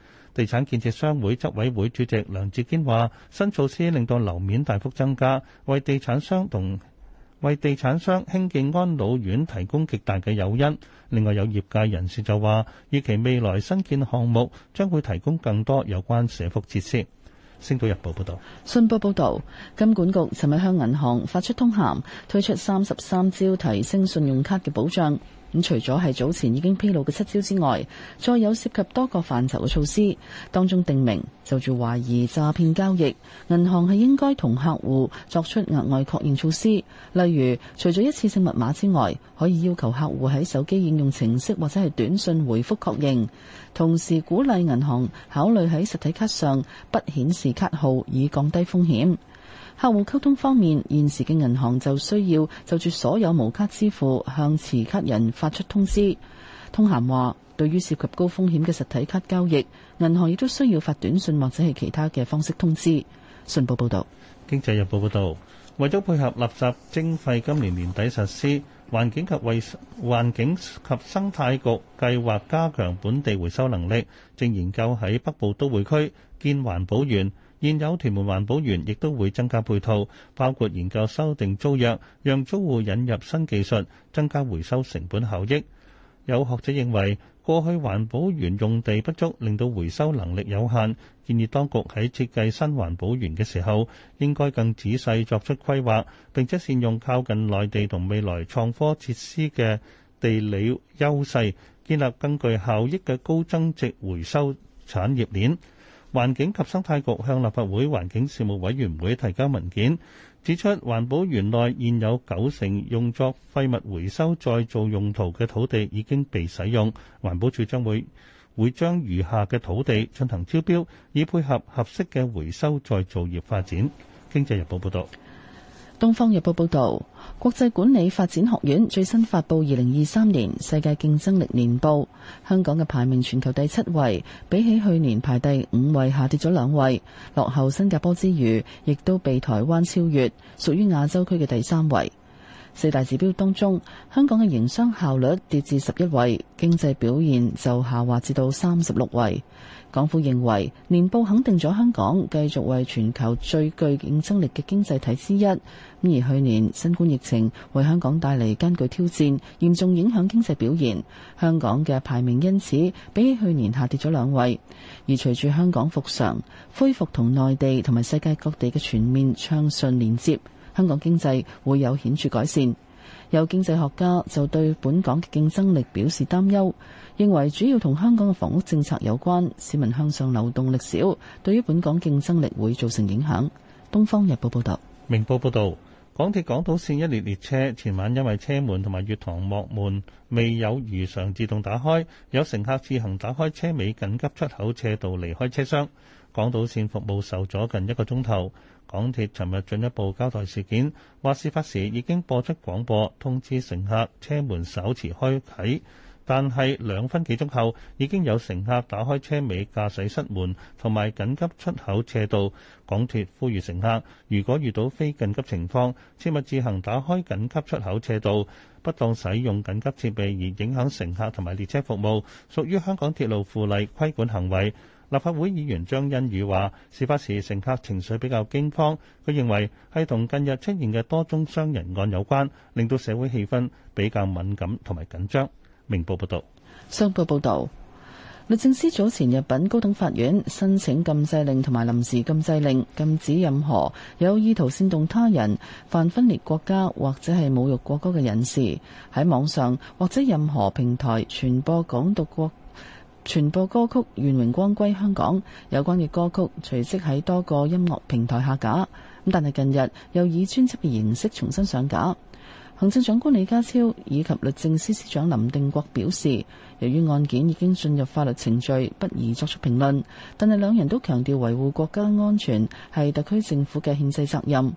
地產建設商會執委會主席梁志堅話：新措施令到樓面大幅增加，為地產商同為地產商興建安老院提供極大嘅誘因。另外有業界人士就話，預期未來新建項目將會提供更多有關社福設施。星島日報報道，信報報道，金管局尋日向銀行發出通函，推出三十三招提升信用卡嘅保障。咁除咗係早前已經披露嘅七招之外，再有涉及多個範疇嘅措施，當中定明就住懷疑詐騙交易，銀行係應該同客戶作出額外確認措施，例如除咗一次性密碼之外，可以要求客戶喺手機應用程式或者係短信回覆確認，同時鼓勵銀行考慮喺實體卡上不顯示卡號，以降低風險。客戶溝通方面，現時嘅銀行就需要就住所有無卡支付向持卡人發出通知。通函話，對於涉及高風險嘅實體卡交易，銀行亦都需要發短信或者係其他嘅方式通知。信報報道。《經濟日報》報導，為咗配合垃圾徵費今年年底實施，環境及衞環境及生態局計劃加強本地回收能力，正研究喺北部都會區建環保園。現有屯門環保園亦都會增加配套，包括研究修訂租約，讓租戶引入新技術，增加回收成本效益。有學者認為，過去環保園用地不足，令到回收能力有限。建議當局喺設計新環保園嘅時候，應該更仔細作出規劃，並且善用靠近內地同未來創科設施嘅地理優勢，建立更具效益嘅高增值回收產業鏈。環境及生態局向立法會環境事務委員會提交文件，指出環保園內現有九成用作廢物回收再造用途嘅土地已經被使用，環保署將會會將餘下嘅土地進行招標，以配合合適嘅回收再造業發展。經濟日報報導。《東方日報》報導，國際管理發展學院最新發布《二零二三年世界競爭力年報》，香港嘅排名全球第七位，比起去年排第五位，下跌咗兩位，落後新加坡之餘，亦都被台灣超越，屬於亞洲區嘅第三位。四大指標當中，香港嘅營商效率跌至十一位，經濟表現就下滑至到三十六位。港府認為，年報肯定咗香港繼續為全球最具競爭力嘅經濟體之一。而去年新冠疫情為香港帶嚟艱巨挑戰，嚴重影響經濟表現，香港嘅排名因此比起去年下跌咗兩位。而隨住香港復常、恢復同內地同埋世界各地嘅全面暢順連接，香港經濟會有顯著改善。有經濟學家就對本港嘅競爭力表示擔憂，認為主要同香港嘅房屋政策有關，市民向上流動力少，對於本港競爭力會造成影響。《東方日報》報道，《明報》報道，港鐵港島線一列列車前晚因為車門同埋月堂月台幕門未有如常自動打開，有乘客自行打開車尾緊急出口斜道離開車廂。港島線服務受阻近一個鐘頭，港鐵尋日進一步交代事件，話事發時已經播出廣播通知乘客車門稍遲開啟，但係兩分幾鐘後已經有乘客打開車尾駕駛室門同埋緊急出口斜道。港鐵呼籲乘客如果遇到非緊急情況，切勿自行打開緊急出口斜道，不當使用緊急設備而影響乘客同埋列車服務，屬於香港鐵路附例規管行為。立法會議員張欣宇話：事發時乘客情緒比較驚慌，佢認為係同近日出現嘅多宗傷人案有關，令到社會氣氛比較敏感同埋緊張。明報報道：商報報道，律政司早前入禀高等法院申請禁制令同埋臨時禁制令，禁止任何有意圖煽動他人、犯分裂國家或者係侮辱國歌嘅人士喺網上或者任何平台傳播港獨國傳播歌曲願榮光歸香港有關嘅歌曲隨即喺多個音樂平台下架，咁但係近日又以專輯嘅形式重新上架。行政長官李家超以及律政司司長林定國表示，由於案件已經進入法律程序，不宜作出評論。但係兩人都強調維護國家安全係特區政府嘅憲制責任。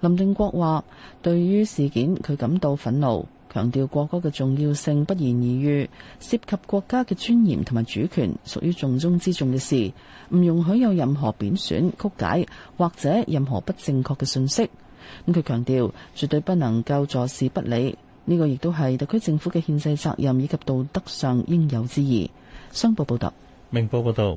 林定國話：對於事件，佢感到憤怒。強調國歌嘅重要性不言而喻，涉及國家嘅尊嚴同埋主權，屬於重中之重嘅事，唔容許有任何貶損、曲解或者任何不正確嘅信息。咁佢強調，絕對不能夠坐視不理，呢個亦都係特區政府嘅憲制責任以及道德上應有之義。商報報道，明報報道。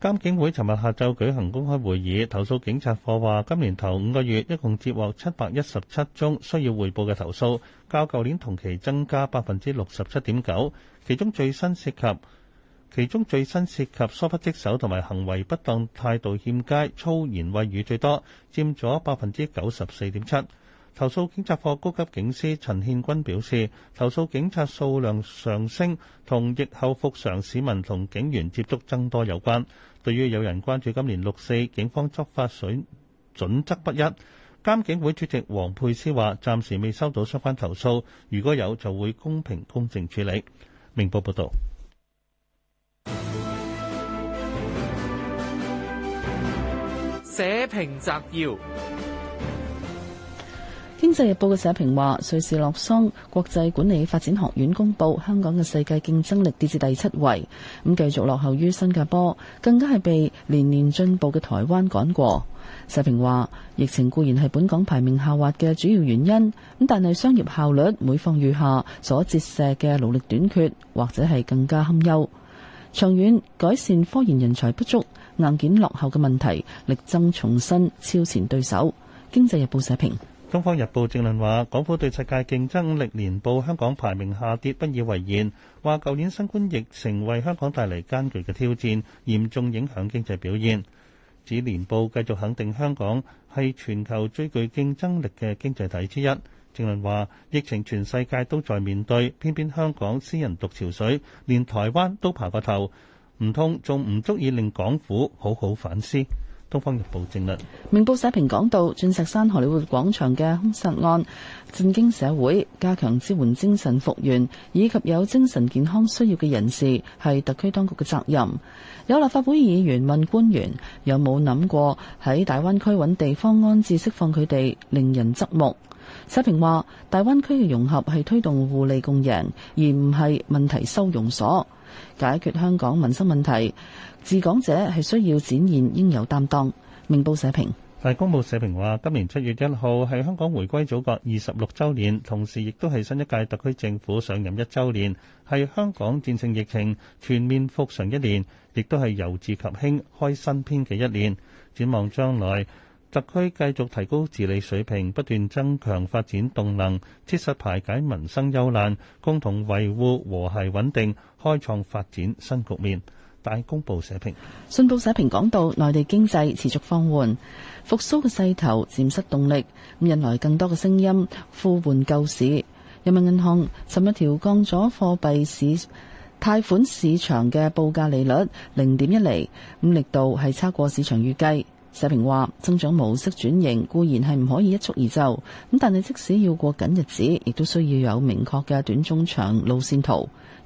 監警會尋日下晝舉行公開會議，投訴警察課話，今年頭五個月一共接獲七百一十七宗需要匯報嘅投訴，較舊年同期增加百分之六十七點九。其中最新涉及其中最新涉及疏忽職守同埋行為不當、態度欠佳、粗言穢語最多，佔咗百分之九十四點七。投訴警察課高級警司陳憲君表示，投訴警察數量上升，同疫後復常市民同警員接觸增多有關。對於有人關注今年六四警方執法水準則不一，監警會主席黃佩斯話：暫時未收到相關投訴，如果有就會公平公正處理。明報報道：社評摘要。《經濟日報》嘅社評話：瑞士洛桑國際管理發展學院公佈，香港嘅世界競爭力跌至第七位，咁繼續落後於新加坡，更加係被年年進步嘅台灣趕過。社評話：疫情固然係本港排名下滑嘅主要原因，咁但係商業效率每況愈下，所折射嘅勞力短缺或者係更加堪憂。長遠改善科研人才不足、硬件落後嘅問題，力爭重新超前對手。《經濟日報》社評。《東方日報》正論話，港府對世界競爭力年報香港排名下跌不以為然，話舊年新冠疫情為香港帶嚟艱巨嘅挑戰，嚴重影響經濟表現。指年報繼續肯定香港係全球最具競爭力嘅經濟體之一。正論話，疫情全世界都在面對，偏偏香港私人獨潮水，連台灣都爬過頭，唔通仲唔足以令港府好好反思？東方日報政論，明報社評講到，鑽石山荷里活廣場嘅兇殺案震驚社會，加強支援精神復原以及有精神健康需要嘅人士，係特區當局嘅責任。有立法會議員問官員有冇諗過喺大灣區搵地方安置釋放佢哋，令人側目。社評話，大灣區嘅融合係推動互利共贏，而唔係問題收容所，解決香港民生問題。治港者係需要展現應有擔當。明報社評，大公報社評話：今年七月一號係香港回歸祖國二十六週年，同時亦都係新一屆特區政府上任一週年，係香港戰勝疫情、全面復常一年，亦都係由治及興開新篇嘅一年。展望將來，特區繼續提高治理水平，不斷增強發展動能，切實排解民生憂難，共同維護和諧穩定，開創發展新局面。公布社評，信報社評講到，內地經濟持續放緩，復蘇嘅勢頭漸失動力，咁引來更多嘅聲音呼喚救市。人民銀行尋日調降咗貨幣市貸款市場嘅報價利率零點一厘，咁力度係差過市場預計。社評話，增長模式轉型固然係唔可以一蹴而就，咁但係即使要過緊日子，亦都需要有明確嘅短中長路線圖。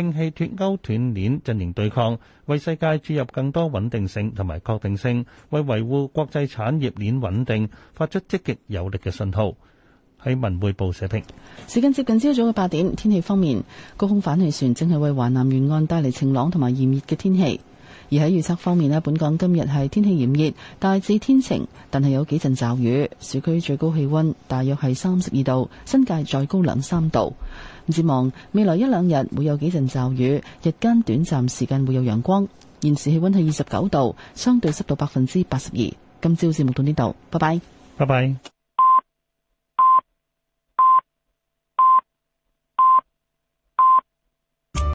摒棄脫鈎斷鏈，進行對抗，為世界注入更多穩定性同埋確定性，為維護國際產業鏈穩定發出積極有力嘅信號。喺文匯報社評。時間接近朝早嘅八點，天氣方面，高空反氣旋正係為華南沿岸帶嚟晴朗，同埋炎熱嘅天氣。而喺預測方面咧，本港今日係天氣炎熱，大致天晴，但係有幾陣驟雨。市區最高氣溫大約係三十二度，新界再高兩三度。展望未來一兩日會有幾陣驟雨，日間短暫時間會有陽光。現時氣温係二十九度，相對濕度百分之八十二。今朝節目到呢度，拜拜，拜拜。